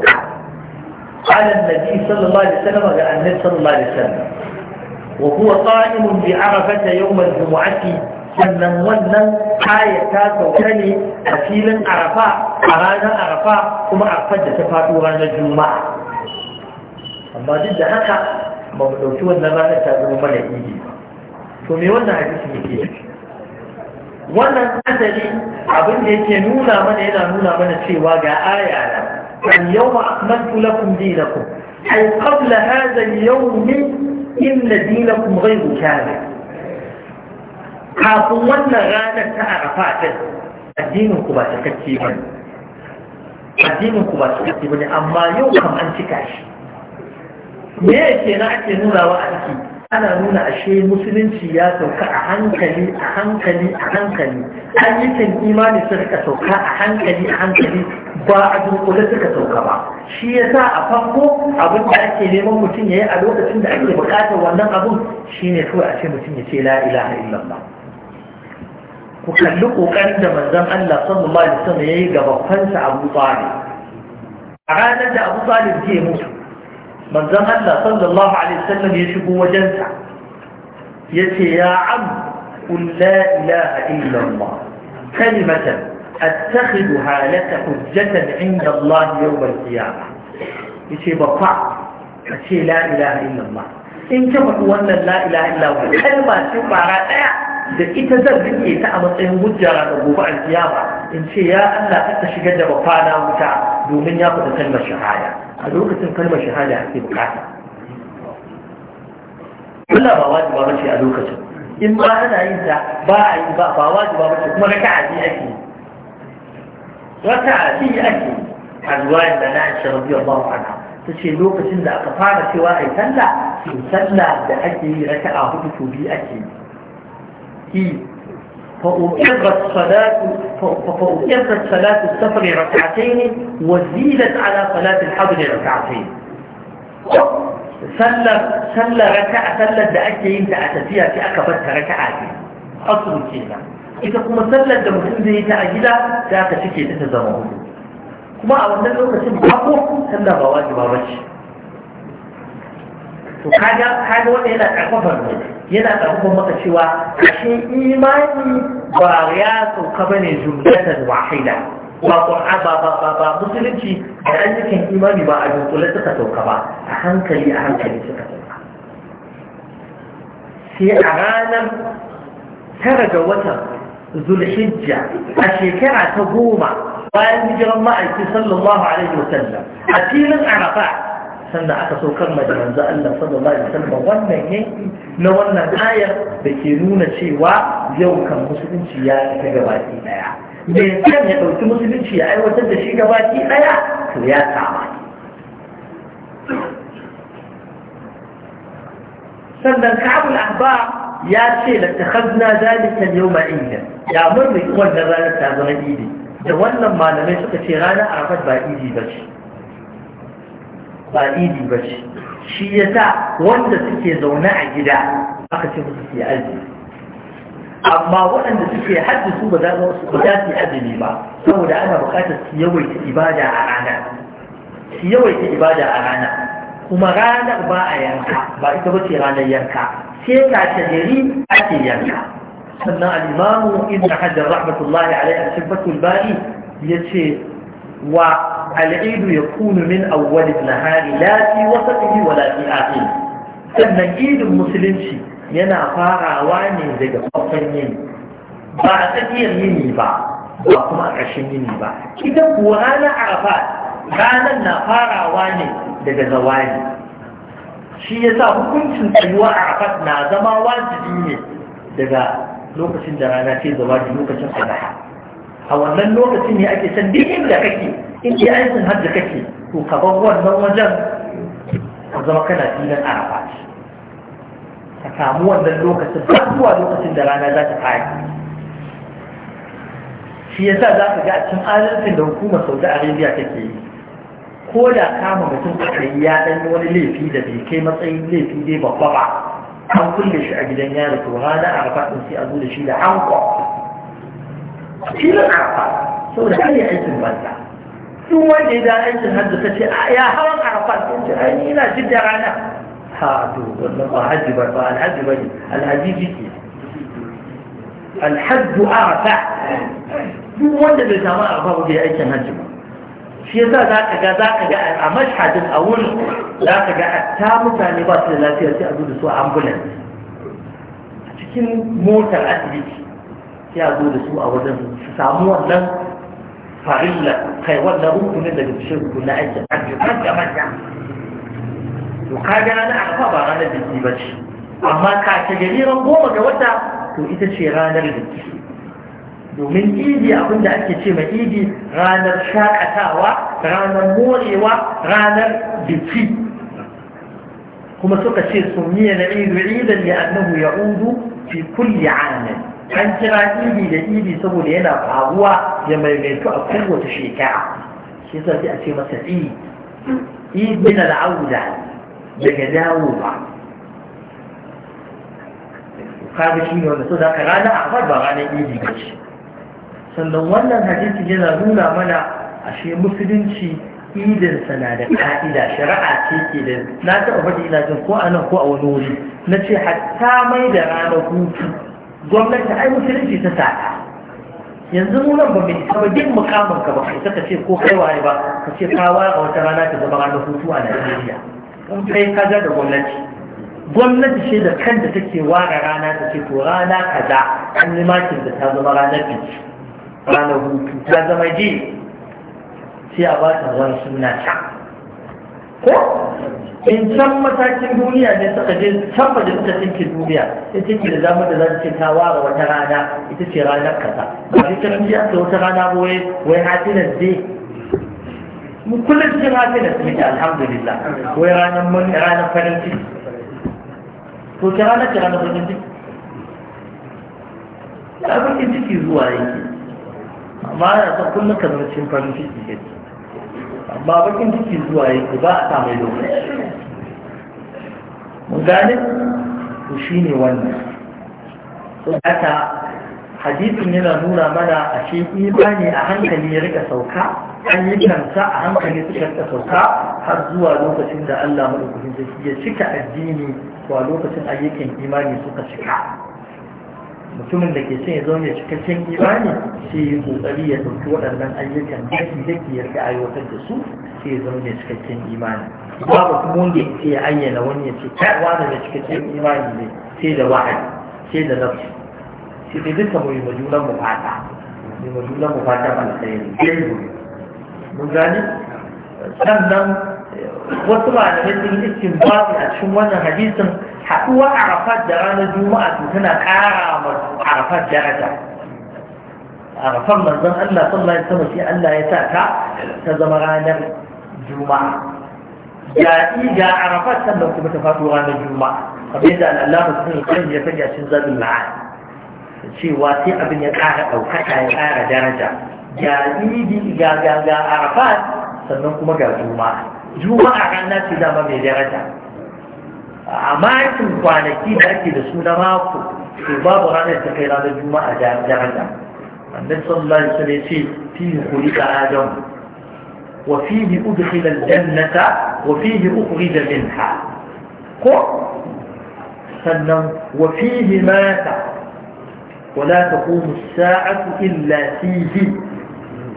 على النبي صلى الله عليه وسلم وعلى النبي صلى الله عليه وسلم وهو قائم بعرفة يوم الجمعة سمى wannan آية تسوى كلي ne عرفاء filin arafa ثم ranar arafa kuma amma duk da haka ba mu ɗauki wannan ranar ta zama mana idi to me wannan hadisi yake nufi wannan asali abin da yake nuna mana yana nuna mana cewa ga aya na an yawma akmaltu lakum dinakum ay qabla hadha al-yawm inna dinakum ghayru kamil kafin wannan ranar ta arafa din addinin ku ba ta cikakke ba addinin ku ba ta kacce ba amma yau kam an cika shi me yake na ake nunawa a ciki ana nuna ashe musulunci ya sauka a hankali a hankali a hankali ayyukan imani su rika sauka a hankali a hankali ba a dunkule suka sauka ba shi ya sa a farko abin da ake neman mutum ya yi a lokacin da ake bukatar wannan abun ne kawai a ce mutum ya ce la ilaha illallah ku kalli kokarin da manzon Allah sallallahu alaihi wasallam yayi ga babban sa Abu Talib a ranar da Abu Talib ke mutu من زم صلى الله عليه وسلم يجب وجنزع يتي يا عم قل لا إله إلا الله كلمة أتخذها لك حجة عند الله يوم القيامة يتي بطع يتي لا إله إلا الله إن كما هو أن لا إله إلا الله كلمة ثم رأى da ita zan rike ta a matsayin hujja ga gobe alkiyama in ce ya Allah ka shiga da bafa domin ya faɗi kalmar shahada a lokacin kalmar shahada ake bukata Allah ba wajiba bace a lokacin in ba ana yin ta ba a yi ba ba wajiba bace kuma a biyu ake a ce ake azwajin da na Aisha radiyallahu ta ce lokacin da aka fara cewa ai sallah to sallah da ake yi a hudu to biyu ake yi فأقرت صلاة السفر ركعتين وزيدت على صلاة الحضر ركعتين سلى سلى ركعة سلى دعك ينتع تفيها في أكبتها ركعتين أصل كذا إذا كما سلى دمتين ذي تأجيلا تأكد فيك يتزمون كما أولا لو تسمى أقوى سلى بواجب رجل to kaga kaga wanda yana karfafar mu yana karfafar maka cewa ashe imani ba ya sauka bane jumlatan wahida ba qur'a ba ba ba ba musulunci da ayyukan imani ba a dunkule suka sauka ba a hankali a hankali suka sauka sai a ranar tara ga watan zulhijja a shekara ta goma bayan hijiran ma'aiki sallallahu alaihi wasallam a filin arafa sanda aka saukar mai da manzo Allah sallallahu alaihi wasallam wannan yanki na wannan ayar da ke nuna cewa yau kan musulunci ya ta gabaki daya me kan ya dauki musulunci ya aiwatar da shi gabaki daya to ya saba sannan kabul ahba ya ce da takhazna zalika yawma inda ya mun wannan ranar ta zama idi da wannan malamai suka ce ranar arafat ba idi ba ce ba idi ba ce shi ya sa wanda suke zaune a gida aka ce musu su yi azumi amma waɗanda suke hajji su ba za su yi azumi ba saboda ana buƙatar su yawaita ibada a rana su yawaita ibada a rana kuma ranar ba a yanka ba ita bace ranar yanka sai kashe gari ake yanka sannan al'imamu ibn hajar rahmatullahi alaihi a cikin fatul bari ya ce wa al'idu ya kunu min awwalin nahari lafi fi wasatihi wa lafi fi sannan idin musulunci yana farawa ne daga farkon yini ba a tsakiyar yini ba ba kuma a ƙarshen yini ba Idan kuwa ranar arafat ranar na farawa ne daga zawani shi ya sa hukuncin tsayuwa a arafat na zama wajibi ne daga lokacin da rana ce zawani lokacin sana'a a wannan lokacin ne ake san duk inda kake in ji aikin hajji kake to ka bar wannan wajen ka zama kana filin arafa ka samu wannan lokacin ba zuwa lokacin da rana za ta fara shi yasa za ka ga a cikin adalcin da hukumar saudi arabia take yi ko da kama mutum a kai ya ɗan wani laifi da bai kai matsayin laifi dai babba ba an kulle shi a gidan yaro to rana arafa ɗin sai a zo da shi da hankwa filin arafa saboda kai aikin banza duk wanda ya da aikin hajji ta ce ya hawan arafat sun ce ai ina ina jidda rana ha to wannan ba hajji ba ba alhaji ba ne alhaji jiki alhajju arafa duk wanda bai samu arafa ba bai aikin hajji ba shi yasa za ka ga za ka ga a mashhadin a wuri za ka ga a ta mutane ba su da lafiya sai a zo da su a ambulance a cikin motar asibiti sai a zo da su a wajen su samu wannan فعلة خيوان نروت من الذي بشرك لا عزة عجة عجة عجة وقال أنا أعطبا على ذلك بش أما كانت جميرا بوما جوتا تو إذا شي غانا لذلك ومن إيدي أقول لك شيء من إيدي غانا الشاكة وا غانا موري وا غانا بيتي هما سوق الشيء سمي العيد عيدا لأنه يعود في كل عام an kira Ibi da Ibi saboda yana faruwa ya maimaitu a kowace shekara shi yasa sai a ce masa Ibi? idi na da'auda daga dawowa kaga shi ne wanda so da ka rana a ba ranar Ibi ba ce sannan wannan hadisi yana nuna mana ashe musulunci idinsa na da ka'ida shari'a ce ke da na taɓa faɗi ina jin ko a nan ko a wani wuri na ce hatta mai da ranar hutu gwamnati ai musulunci ta tsada, yanzu mu ba mai saba din mukamin ba kai ta ce ko kai waye ba ka ce ka waya a wata rana ta zama ranar hutu a Najeriya in kai ka ga da gwamnati gwamnati ce da kanta take ware rana ta ce to rana kaza an yi makin da ta zama ranar biki ranar hutu ta zama je sai a ba ta wani suna can ko in can matakin duniya ne suka je can da suka tinke duniya in tinke da zama da za su ce ta ware wata rana ita ce ranar kaza ba shi kan ji aka wata rana ba wai wai hatinan je mu kullum cikin hatinan su ne alhamdulillah wai ranar mun ranar farin ciki to ta ranar ta ranar farin ciki abin ciki zuwa yake amma ya ta kullum kan cikin farin ciki ba bakin ciki zuwa yake ba a samun lokaci mun gane shi ne wannan so haka hadisin yana nuna mana a shi imani a hankali ya rika sauka ayyukansa a hankali suka rika sauka har zuwa lokacin da Allah madaukakin sarki ya cika addini to a lokacin ayyukan imani suka cika mutumin da ke son ya zaune cikakken imani sai ya kokari ya ɗauki waɗannan ayyukan daki daki ya rika aiwatar da su sai ya zaune cikakken imani babu kuma wanda ya ce ya ayyana wani ya ce wani da cikakken imani ne sai da wahayi sai da nafsu sai dai duka mu yi majunan mu fata mu yi majunan mu fata ba sai dai mun gane sannan wasu malamai sun yi iskin babu a cikin wannan hadisin haɗuwa arafat da ranar juma'a to tana ƙara ma arafat daraja arafat manzon Allah sallallahu alaihi wasallam shi Allah ya sa ta ta zama ranar juma'a ya ga arafat sannan kuma ta faɗo ranar juma'a kamar yadda Allah sun yi ya sanya shi zabin la'ani cewa sai abin ya ƙara ɗaukaka ya ƙara daraja ga idi ga ga ga arafat sannan kuma ga juma'a juma'a rana ce zama mai daraja amakin kwanaki da ake da su na mako to babu ranar da kai ranar juma'a da jahanna annabi sallallahu alaihi wasallam yace fi khuliqa adam wa fihi udkhila al-jannata wa fihi ukhrija minha ko sannan wa fihi mata wa la taqumu as-sa'atu illa fihi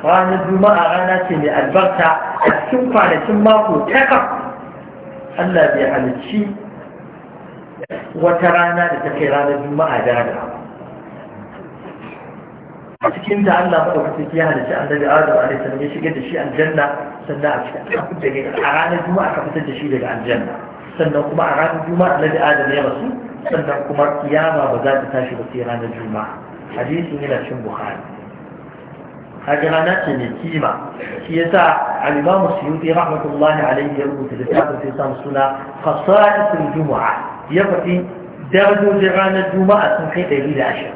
ranar juma'a rana ce mai albarka a cikin kwanakin mako takwas Allah bai halicci wata rana da ta kai ranar juma'a dada a cikin ta Allah maɗaukaki ya halicci annabi Adam alaihi salam ya shigar da shi aljanna sannan a cikin a ranar juma'a ka fitar da shi daga aljanna sannan kuma a ranar juma'a annabi Adam ya rasu sannan kuma kiyama ba za ta tashi ba sai ranar juma'a hadisin yana cikin Bukhari haka rana ce mai kima shi yasa al-Imam Suyuti rahmatullahi alaihi ya rubuta littafin sai samu suna Khasaisul Jumu'ah يقف درجة جرانا جمعة محيطة إلى عشر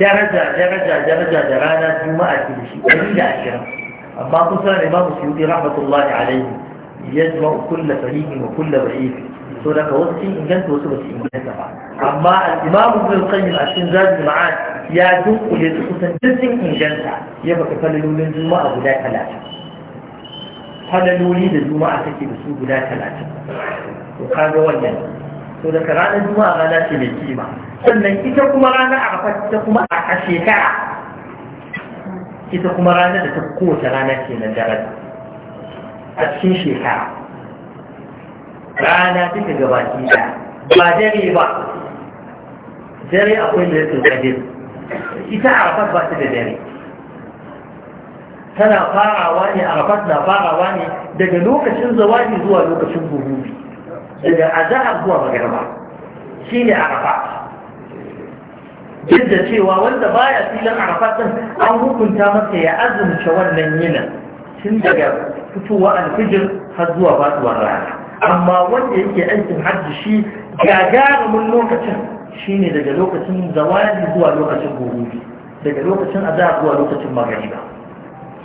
درجة درجة درجة جرانا جمعة إلى عشر أما قصر إمام سيودي رحمة الله عليه يجمع كل فريق وكل بعيد سورة وصي إن كانت وصي وصي إن كانت فعلا أما الإمام ابن القيم عشرين زاد المعاد يعدوك ليتخصا جسم إن كانت يبقى فللو لنجمع ولا ثلاثة فللو لنجمع تكي بسوء ولا ثلاثة وقال رواليا to daga ranar juma'a rana ce mai kima sannan ita kuma ranar arafa ita kuma a shekara ita kuma ranar da ta kowace rana ce na jarar a cikin shekara rana take gabaki da. ba dare ba dare akwai da yake kaje ita arafat ba ta da dare tana farawa ne arafat na farawa ne daga lokacin zawadi zuwa lokacin gurubi daga azahar zuwa magarba shi ne arafat duk da cewa wanda ba baya filin arafat sun, an hukunta masa ya azumce wannan yinin tun daga fitowa alfijir har zuwa faduwar rana amma wanda yake aikin hajji shi gagarumin lokacin shi ne daga lokacin zawali zuwa lokacin gurubi daga lokacin azahar zuwa lokacin magariba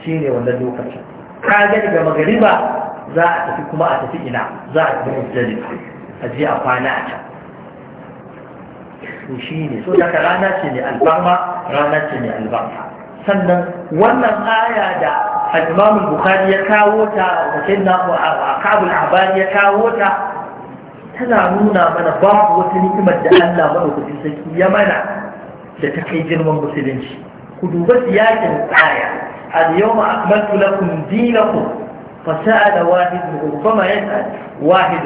shi ne wannan lokacin ka ga daga magariba za a tafi kuma a tafi ina za a tafi musdalifa a je a kwana a can to shi ne so daga rana ce mai albarma rana ce mai albarma sannan wannan aya da al-imam bukhari ya kawo ta da sayyidina abu al-ahbari ya kawo ta tana nuna mana babu wata ni'imar da Allah madaukakin sarki ya mana da ta kai girman musulunci ku duba siyakin aya al-yawma akmaltu lakum dinakum فسأل واحد ربما يسأل واحد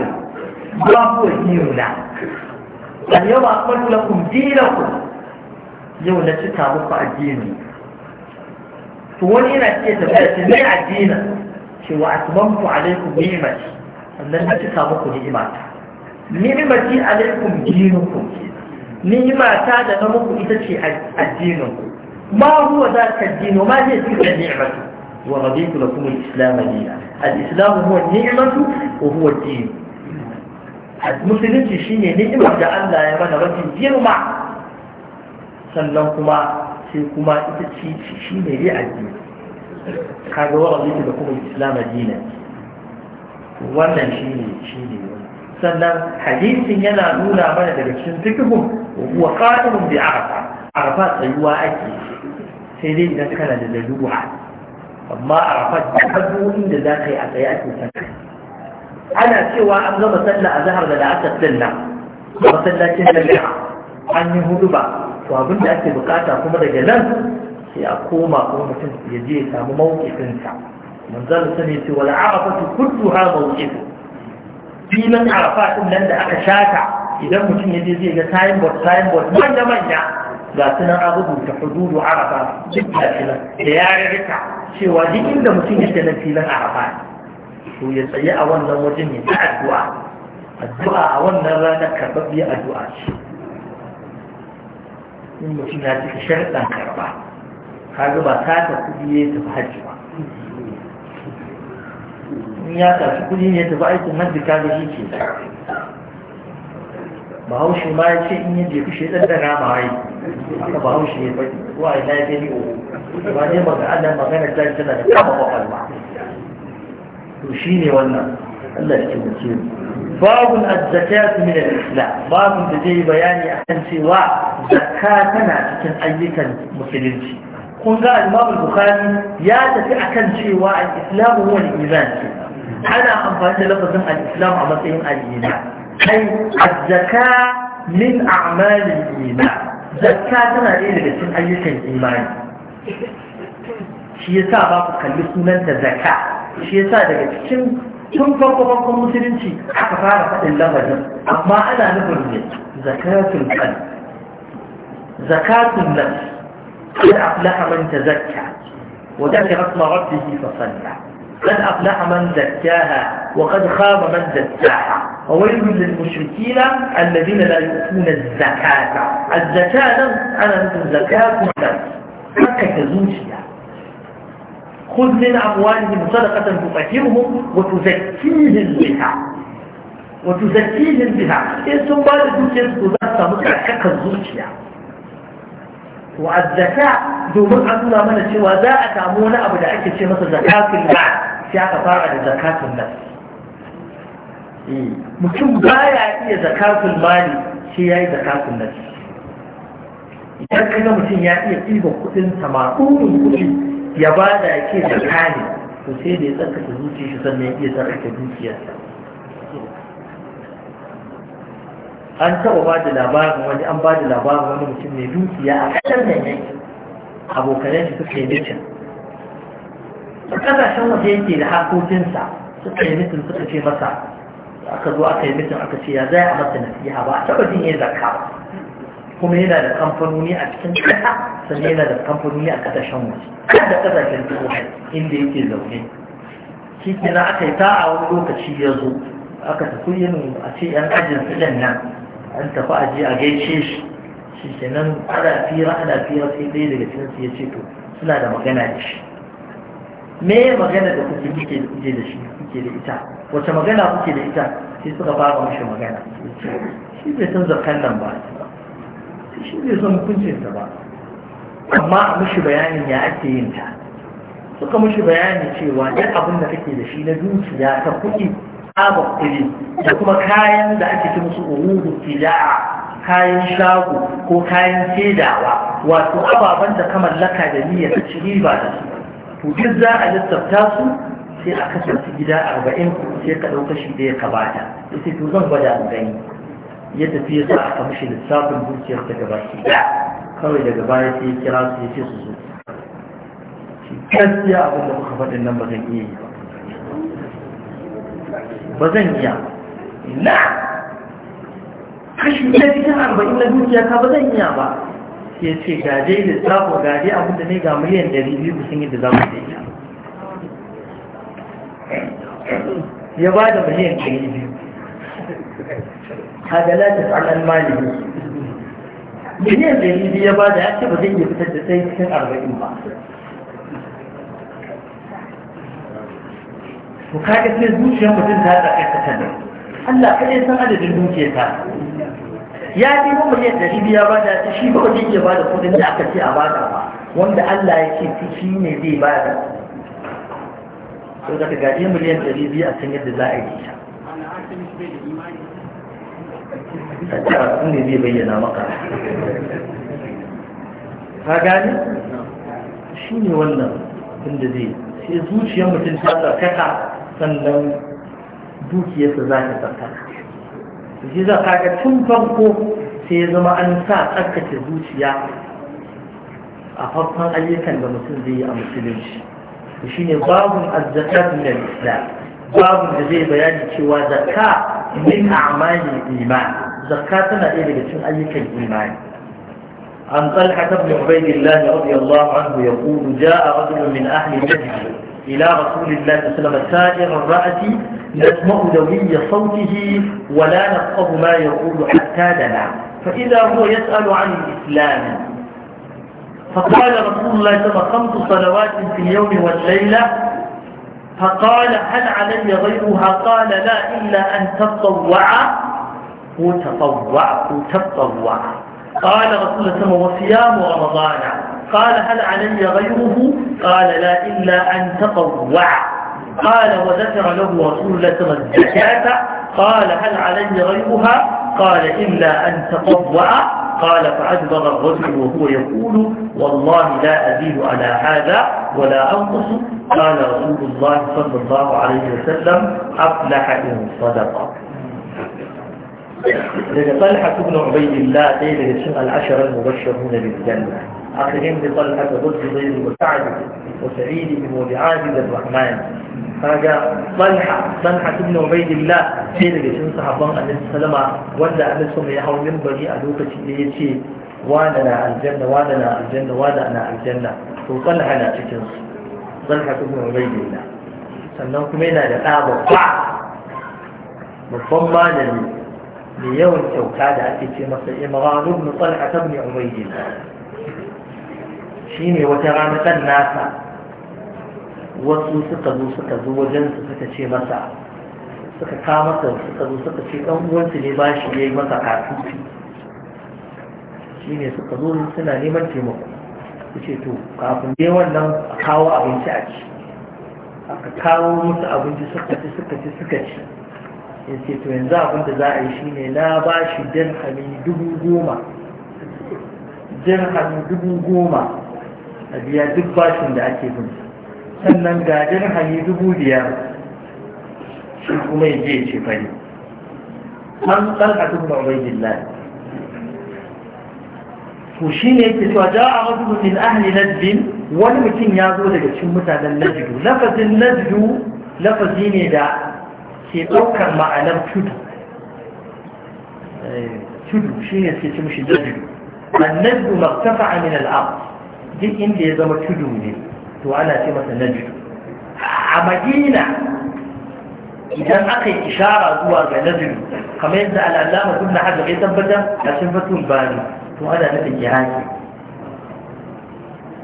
ما هو ديننا اليوم يعني أقول لكم دينكم يوم نتكى مقع الدين هو أنا أتيت بأس لي الدين أتممت عليكم نعمتي أن نتكى مقع نعمتي نعمتي عليكم دينكم نعمتا إذا شيء الدينكم ما هو ذلك الدين وما هي تلك النعمة ورضيت لكم الإسلام دينا الإسلام هو النعمة وهو الدين المسلمين شيء نعمة جعلنا يا من رجل جرمع سلمكما سيكما إتشي شيء لي الدين هذا ورضيت لكم الإسلام دينا wannan shi ne shi ne sannan hadisin yana nuna mana daga cikin fikihun wa qa'imun bi arafa arafa tsayuwa ake sai dai idan kana da daluwa amma a rafat addu'o'in da za ka yi a tsaye ake san ana cewa an gama sallah a zahar da la'asar din masallacin jami'a an yi hudu ba to abin da ake bukata kuma daga nan sai a koma kuma mutum ya je ya samu mawukifinsa manzal sani ce wal arafatu kulluha mawqifu filin arafa din nan da aka shata idan mutum ya je zai ga sign board sign board manya manya ga sunan an rubuta hududu arafa duk da filan da rarrika cewa duk inda mutum yake na filin arafa to ya tsaye a wannan wajen ya ta addu'a addu'a a wannan ranar biyu addu'a ce in mutum ya cika sharɗan karɓa kaga ba ta ta kuɗi ya tafi hajji ba in ya tafi kuɗi ne ya tafi aikin hajji kaga shi ke bahaushe ma ya ce in yi jefi shi ɗan da rama ai aka bahaushe ya faɗi wa ina ya gani o ba ne maga ana magana ta tana da kama kwakwalwa to shi ne wannan Allah ya taimake mu babun azzakatu min al-islam babun da zai bayani akan cewa zakka tana cikin ayyukan musulunci kun ga Imam Bukhari ya tafi akan cewa al-islamu huwa al-izan ana amfani da lafazin al-islam a matsayin al-izan أي الزكاة من أعمال الإيمان زكاة تنا إيه لكن أيك الإيمان shi yasa ba ku kalli sunanta zaka shi yasa daga cikin tun farko farkon musulunci aka fara faɗin lamarin amma ana nufin ne zakatun kan zakatun nan sai aflaha man tazakka wa dhakara isma rabbih fa salla قد أفلح من زكاها وقد خاب من زكاها وويل للمشركين الذين لا يؤتون الزكاة الزكاة أنا مثل زكاة النفس حتى تزوجها خذ من أموالهم صدقة تطهرهم وتزكيهم بها وتزكيهم بها إن ثم بعد ذلك تزكى wa azzaka domin an nuna mana cewa za a samu wani abu da ake ce masa zakatun ba sai aka fara da zakatun da? mutum baya iya zakatun mali sai ya yi zakatun da. idan kaga mutum ya iya ɗiba kuɗin samakunin kuɗi ya ba da ya ce zakani to sai da ya tsarkake shi sannan ya iya tsarkake dukiyarsa an taɓa ba da labarin wani an ba da labarin wani mutum mai dukiya a ƙasar nan yanki abokanan shi suka yi mitin a ƙasashen waje yake da harkokinsa suka yi mitin suka ce masa aka zo aka yi mitin aka ce ya zai a masa nasiha ba a taɓa jin yin zakka ba kuma yana da kamfanoni a cikin ƙasa sannan yana da kamfanoni a ƙasashen waje kan da ƙasashen turai inda yake zaune shi kenan aka yi ta a wani lokaci ya zo aka tafi yin a ce yan ajin su nan an tafi aje a gaishe shi shi kenan ana fira ana fira sai ɗaya daga cikin su ya ce to suna da magana da shi me magana da kuke kuke kuke da shi kuke da ita wace magana kuke da ita sai suka fara mashi magana shi bai san zakan nan ba shi bai san hukuncin ta ba amma a mashi bayanin ya ake yin ta suka mashi bayani cewa yan abin da kake da shi na dukiya ta kuɗi tsabar da kuma kayan da ake ce musu urudu tijara kayan shago ko kayan sedawa wato ababen da ka mallaka da niyyar ta ci riba da su to duk za a lissafta su sai a kasance gida arba'in sai ka ɗauka shi da ya kabata ya ce to zan gwada mu gani ya tafi ya sa aka mishi lissafin dukiyar ta gaba ki kawai daga baya sai kira su ya ce su zo shi gaskiya abin da muka faɗin nan ba zan iya yi ba ba zan iya na kashi na cikin arba'in na dukiya ka ba zan iya ba ya ce gaje da tsako gaje abinda ne ga miliyan ɗari biyu sun yi da za mu da iya ya ba da miliyan ɗari biyu kaga la ta tsanan malami miliyan ɗari biyu ya ba da ya ce ba zan iya fitar da sai cikin arba'in ba to kaga sai zuciyar mutum ta tsaka ta tana Allah kaɗai san adadin dukiyar ta ya ce ba miliyan shi biya ba da shi ba zai iya bada da kuɗin da aka ce a bada ba wanda Allah ya ce shi ne zai ba da sau daga gaji miliyan ɗari biyu a san yadda za a yi ta tattara sun ne zai bayyana maka ka gani shi ne wannan inda zai sai zuciyar mutum ta tsarkaka sannan dukiyarsa za ta tsarkaka shi za kaga tun farko sai ya zama an sa tsarkace zuciya a farkon ayyukan da mutum zai yi a musulunci shi ne babun azzakat min al-islam babun da zai bayani cewa zakka min a'mali iman zakka tana ɗaya daga cikin ayyukan imani عن طلحة بن عبيد الله رضي الله عنه يقول جاء رجل من أهل نجد إلى رسول الله صلى الله عليه وسلم سائر الرأس نسمع دوي صوته ولا نفقه ما يقول حتى دنا فإذا هو يسأل عن الإسلام فقال رسول الله صلى الله عليه وسلم خمس صلوات في اليوم والليلة فقال هل علي غيرها قال لا إلا أن تطوع وتطوع وتطوع قال رسول الله صلى الله عليه وسلم وصيام رمضان قال هل علي غيره قال لا إلا أن تطوع قال وذكر له رسول الله صلى الله عليه وسلم الزكاة قال هل علي غيرها قال إلا أن تطوع قال فأدبر الرجل وهو يقول والله لا أزيد على هذا ولا أنقص قال رسول الله صلى الله عليه وسلم أفلح إن صدق لذلك طلحة بن عبيد الله ليلة العشر المبشرون بالجنة أخرجهم بطلحة ضد زيد وسعد وسعيد بن أبي عابد الرحمن هذا طلحة طلحة بن عبيد الله في لجسم صحابان النبي صلى الله عليه وسلم ولا أنسهم يحول من بني أدوكة ليتي وانا لا الجنة وانا لا الجنة وانا لا الجنة وطلحة لا تكنس طلحة بن عبيد الله سنوكم هنا لقابة بعض babban malami mai yawan kyauta da ake ce masa imran ibn talha ibn umayyah shine wata rana ɗan nasa wasu suka zo suka zo wajen su suka ce masa suka kama masa suka zo suka ce ɗan uwansu ne ba shi yayi masa katufi shine suka zo suna neman taimako su ce to kafin dai wannan a kawo abinci a ci aka kawo musu abinci suka ci suka ci suka ci in ce to yanzu abin da za a yi shine na ba shi dirhami dubu goma dirhami dubu goma a biya duk bashin da ake bin sannan ga dirhami dubu biyar shi kuma ya je ce fari an ɗalƙa duk da ubangillah to shi ne yake cewa ja a wasu min ahli najdin wani mutum ya zo daga cikin mutanen najdu lafazin najdu lafazi ne da ke ɗaukar ma'anar tudu eh, tudu shi ne suke ci mishi najdu النجم ما من الأرض duk inda ya zama tudu ne to ana ce masa najdu a madina idan aka yi ishara zuwa ga najdu kamar yadda al'allama na haɗa ya tabbatar a cikin fatul bani to ana nufin iraki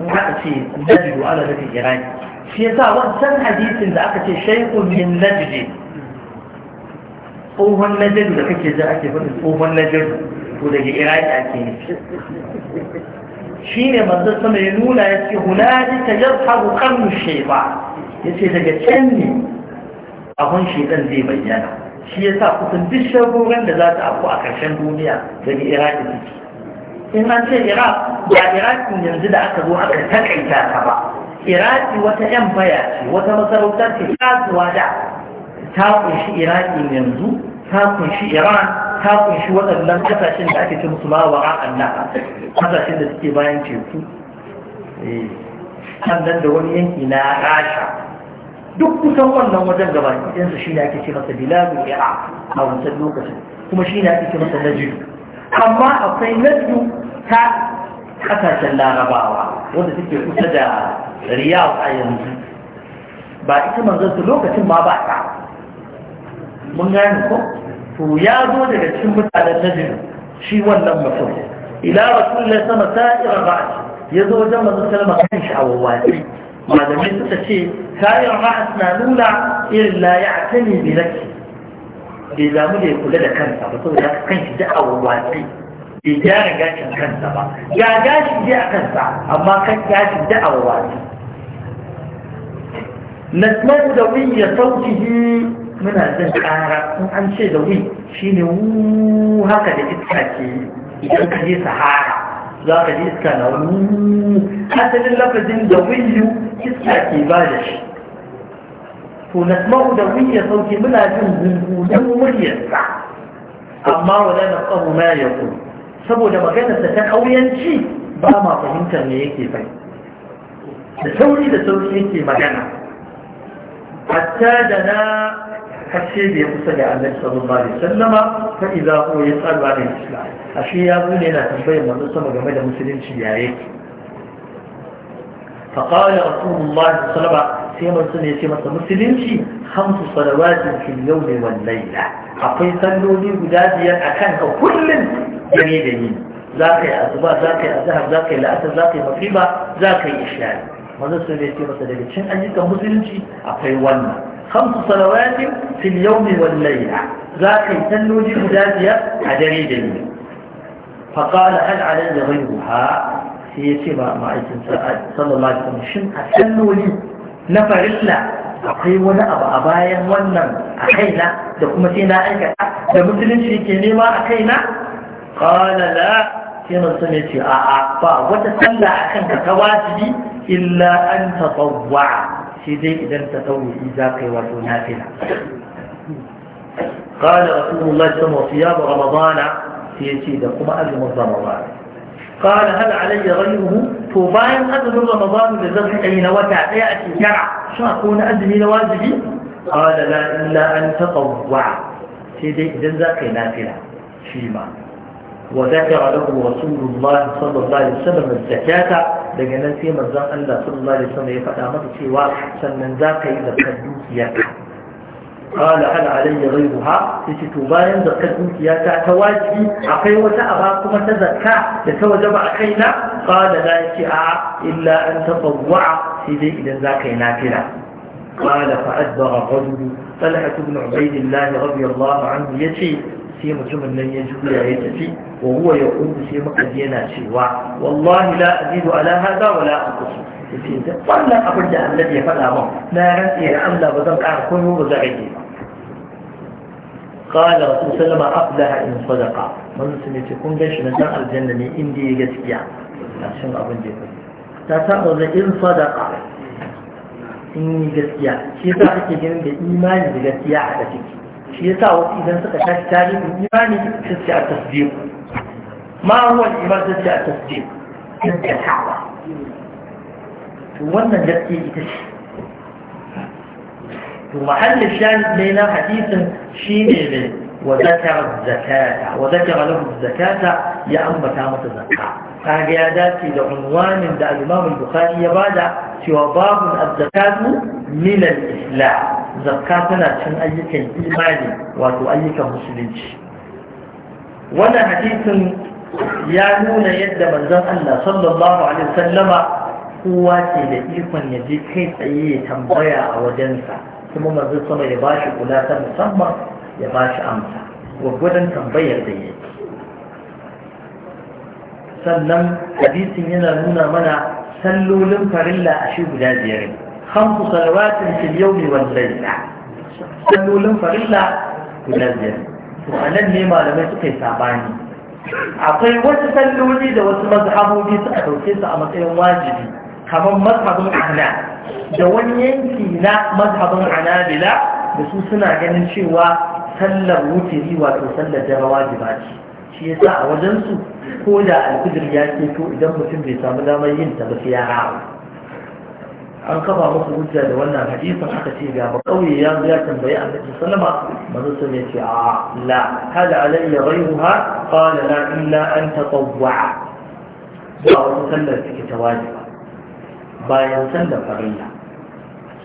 in aka ce najdu ana nufin iraki shi yasa wancan hadisin da aka ce shaykhun min najdi tsohon najdu da kake ji ake faɗin tsohon najdu to daga iraki ake ne Shi ne manzan sama ya nuna ya ce hunalika yazhabu sheba. Ya ce daga can ne abun shaytan zai bayyana shi ya sa kusan duk shagoran da za ta abu a ƙarshen duniya daga iraki suke in an ce iraq ba iraki yanzu da aka zo aka takaita ta ba iraki wata yan baya ce wata masarautar ce kasuwa da ta kunshi iraki yanzu ta kunshi iran ta kunshi waɗannan kasashen da ake ce musu mawara allah kasashen da suke bayan teku eh, sannan da wani yanki na rasha duk kusan wannan wajen gaba ɗinsa shi ne ake ce masa bilalu ira a wancan lokacin kuma shi ne ake ce masa najidu amma akwai najidu ta ƙasashen larabawa wanda suke kusa da riyadh a yanzu ba ita manzansu lokacin ma ba ta mun gane ko to ya zo daga cikin mutanen najin shi wannan mutum ila rasulullah sama sa'ira ba'd ya zo wajen manzon sallama kan shi a wawaye malamai suka ce kayan ba na nuna irin la ya'tani bi nafsi bai zamu da ya kula da kansa ba saboda haka kanshi da a wawaye bai gyara gashin kansa ba ya gashi dai a kansa amma kan gashi da a wawaye nasmau da wiyya sautihi muna jin ƙara in an ce da wi shi ne haka da iska ke idan ka je sahara za ka je iska na wani asalin lafazin da wiyu iska ke ba da shi to na mau da wi ya sauke muna jin don muryarsa amma wadda na tsawo na ya ku saboda maganarsa ta ƙauyanci ba ma fahimtar me yake bai da sauri da sauri yake magana hatta da na haske da ya kusa da annabi sallallahu alaihi wasallama fa idza huwa yas'alu an al-islam ashe ya bude yana tambayar manzo sama game da musulunci yare. yake fa qala rasulullah sallallahu alaihi wasallam sai manzo ne ya ce masa musulunci Hamsu, salawatin fil yawmi wal layla akwai salloli guda biyar akan ka kullun dare da yini za ka yi asuba za ka yi azhar za ka yi la'asar za ka yi mafiba, za ka yi isha'i manzo sai ya ce masa daga cikin ayyukan musulunci akwai wannan خمس صلوات في اليوم والليلة ذاك يتنوجي مدازية عدري جميل فقال هل علي غيرها سيتي ما أيتن صلى الله عليه وسلم شن أتنوجي نفر الله akwai wani abu a bayan wannan a kaina da kuma sai na aikata da musulunci ke nema a kaina qala la a'a ba wata sallah a ka ta wajibi illa an سيدي إذا idan ta tawuri قال رسول الله صلى الله عليه وسلم رمضان في سيدة قم أجم رمضان قال هل علي غيره فباين أجم رمضان لزغي أين وتع يأتي شرع شو أكون أزمي لواجبي قال لا إلا أن تطوع سيدي إذا ذاك نافلة فيما وذكر له رسول الله صلى الله عليه وسلم الزكاة daga nan sai manzon Allah sallallahu alaihi wasallam ya faɗa masa cewa sannan za ka yi zakar dukiyarka qala hal alayya ghayruha yace to bayan zakar dukiya ta ta waji akwai wata aba kuma ta zakka da ta wajaba a kaina qala la yace a illa an tatawwa sai dai idan za ka yi nafila qala fa adbara rajul talha ibn ubaydillah radiyallahu anhu yace sai mutumin nan ya juya ya tafi وهو يقول في مقدينا سوى والله لا أزيد على هذا ولا أنقص قال أبدا الذي فلا ما رأي الأمل بذلك أعقل وزعيدي قال رسول سلم أفلح إن صدق من سنتكون ليش نساء الجنة من إندي يجسيا عشان أبن جيبا تسأل إن صدق إني جسيا شيء ذلك جنب إيمان بجسيا على فكرة يتعوض إذا انتقل الثاني من إيمان تنسى التصديق ما هو الإيمان تنسى التصديق تنسى الحعوة ثم نجدتي إتش ثم حل الشاهد لنا حديثا شيء من وذكر الزكاة وذكر له الزكاة يا أم تامة الزكاة فهذا يادات إلى عنوان دا إمام البخاري يبادع سوى باب الزكاة من الإسلام zakka tana cin ayyukan imani wato ayyukan musulunci wannan hadisin ya nuna yadda manzon Allah sallallahu alaihi wasallama kowa ke da ikon ya je kai tsaye ya tambaya a wajensa kuma manzon sama ya bashi kula ta musamman ya bashi amsa gwaggwadon tambayar da yake sannan hadisin yana nuna mana sallolin farilla a shi guda biyar خمس صلوات في اليوم والليلة سنولن فريلا guda biyar to a nan ne malamai suka yi sabani akwai wasu salloli da wasu mazhabobi suka ɗauke su a matsayin wajibi kamar mazhabin ana da wani yanki na mazhabin anabila da su suna ganin cewa sallar wutiri wato sallar jara wajiba ce shi yasa a wajensu ko da alfijir ya ke to idan mutum bai samu damar yin ta ba sai ya an kafa musu hujja da wannan hadisin aka ce ga bakauye ya ya tambayi annabi sallama manzo sun yace a la hada alayya ghayruha qala la illa an tatawwa ba wata sallar take ta wajiba bayan sallar farilla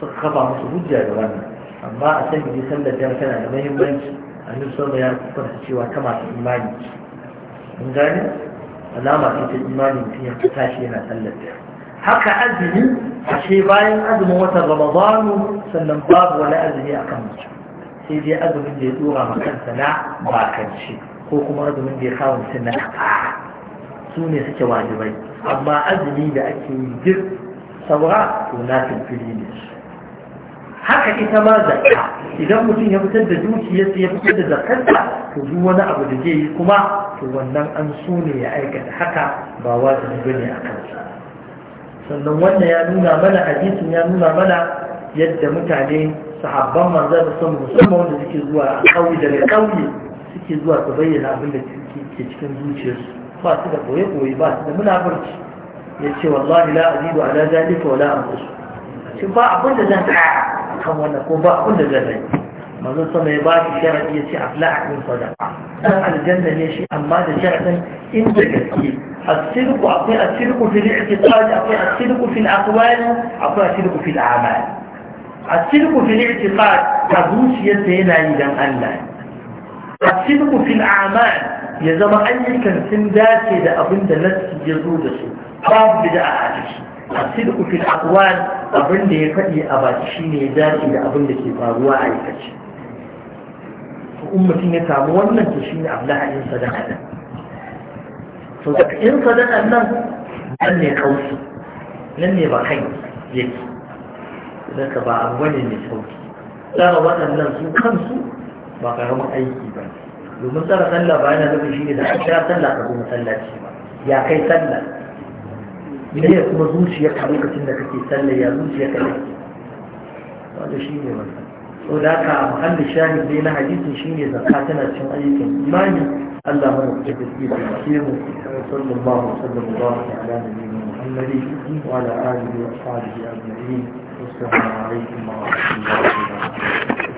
suka kafa musu hujja da wannan amma a san ne sallar jan tana da muhimmanci annabi sallama ya kwanta cewa ta masu imani mun gane alama ce ta imani mutum ya tashi yana sallar jan haka azumi ashe bayan azumin watan ramadanu sannan babu wani azumi a kan mutum sai dai azumin da ya dora ma kansa na bakanci ko kuma azumin da ya kawo mutum na kafa su ne suke wajibai amma azumi da ake yi duk saura to na filfili ne haka ita ma zakka idan mutum ya fitar da dukiyarsa ya fitar da zakkarsa to duk wani abu da zai yi kuma to wannan an su ne ya aikata haka ba wajibi bane a kansa sannan wannan ya nuna mana hadisin ya nuna mana yadda mutane sahabban manzan da sun musamman wanda suke zuwa a kauye daga kauye suke zuwa su bayyana abin da ke cikin zuciyarsu ba su da koye-koye ba su da munafurci ya ce wallahi la azidu ala zalika wala anqusu shi ba abin da zan kaya kan wannan ko ba abin da zan yi manzon sama ya ba shi sharadi ya ce afla'a min sadaqa dan aljanna ne shi amma da sharadin inda gaske asirku akwai asirku fi al-i'tiqad akwai asirku fi al-aqwal akwai asirku fi al-a'mal asirku fi al-i'tiqad ta zuciyar yana yi dan Allah asirku fi al-a'mal ya zama ayyukan sun dace da abin da nassi ya zo da su babu bid'a a ciki asirku fi al-aqwal abin ya faɗi a baki shine ya dace da abin da ke faruwa a aikace in mutum ya samu wannan to shine ablahin sadaka nan to daga in sadaka nan nan ne kausu nan ne ba kai yake daga ba abu bane mai sauki tsara waɗannan su kansu ba karamin aiki ba domin tsara sallah ba yana nufin shine da a kira sallah ka zo masallaci ba ya kai sallah ne ya kuma zuciyarka lokacin da kake sallah ya zuciyarka ne wanda ne wannan وذاك محل الشاهد لنا حديث شيء زكاتنا شن أيكم إيماني الله نقصد في المسير صلى الله وسلم وبارك على نبينا محمد وعلى آله وأصحابه أجمعين والسلام عليكم ورحمة الله وبركاته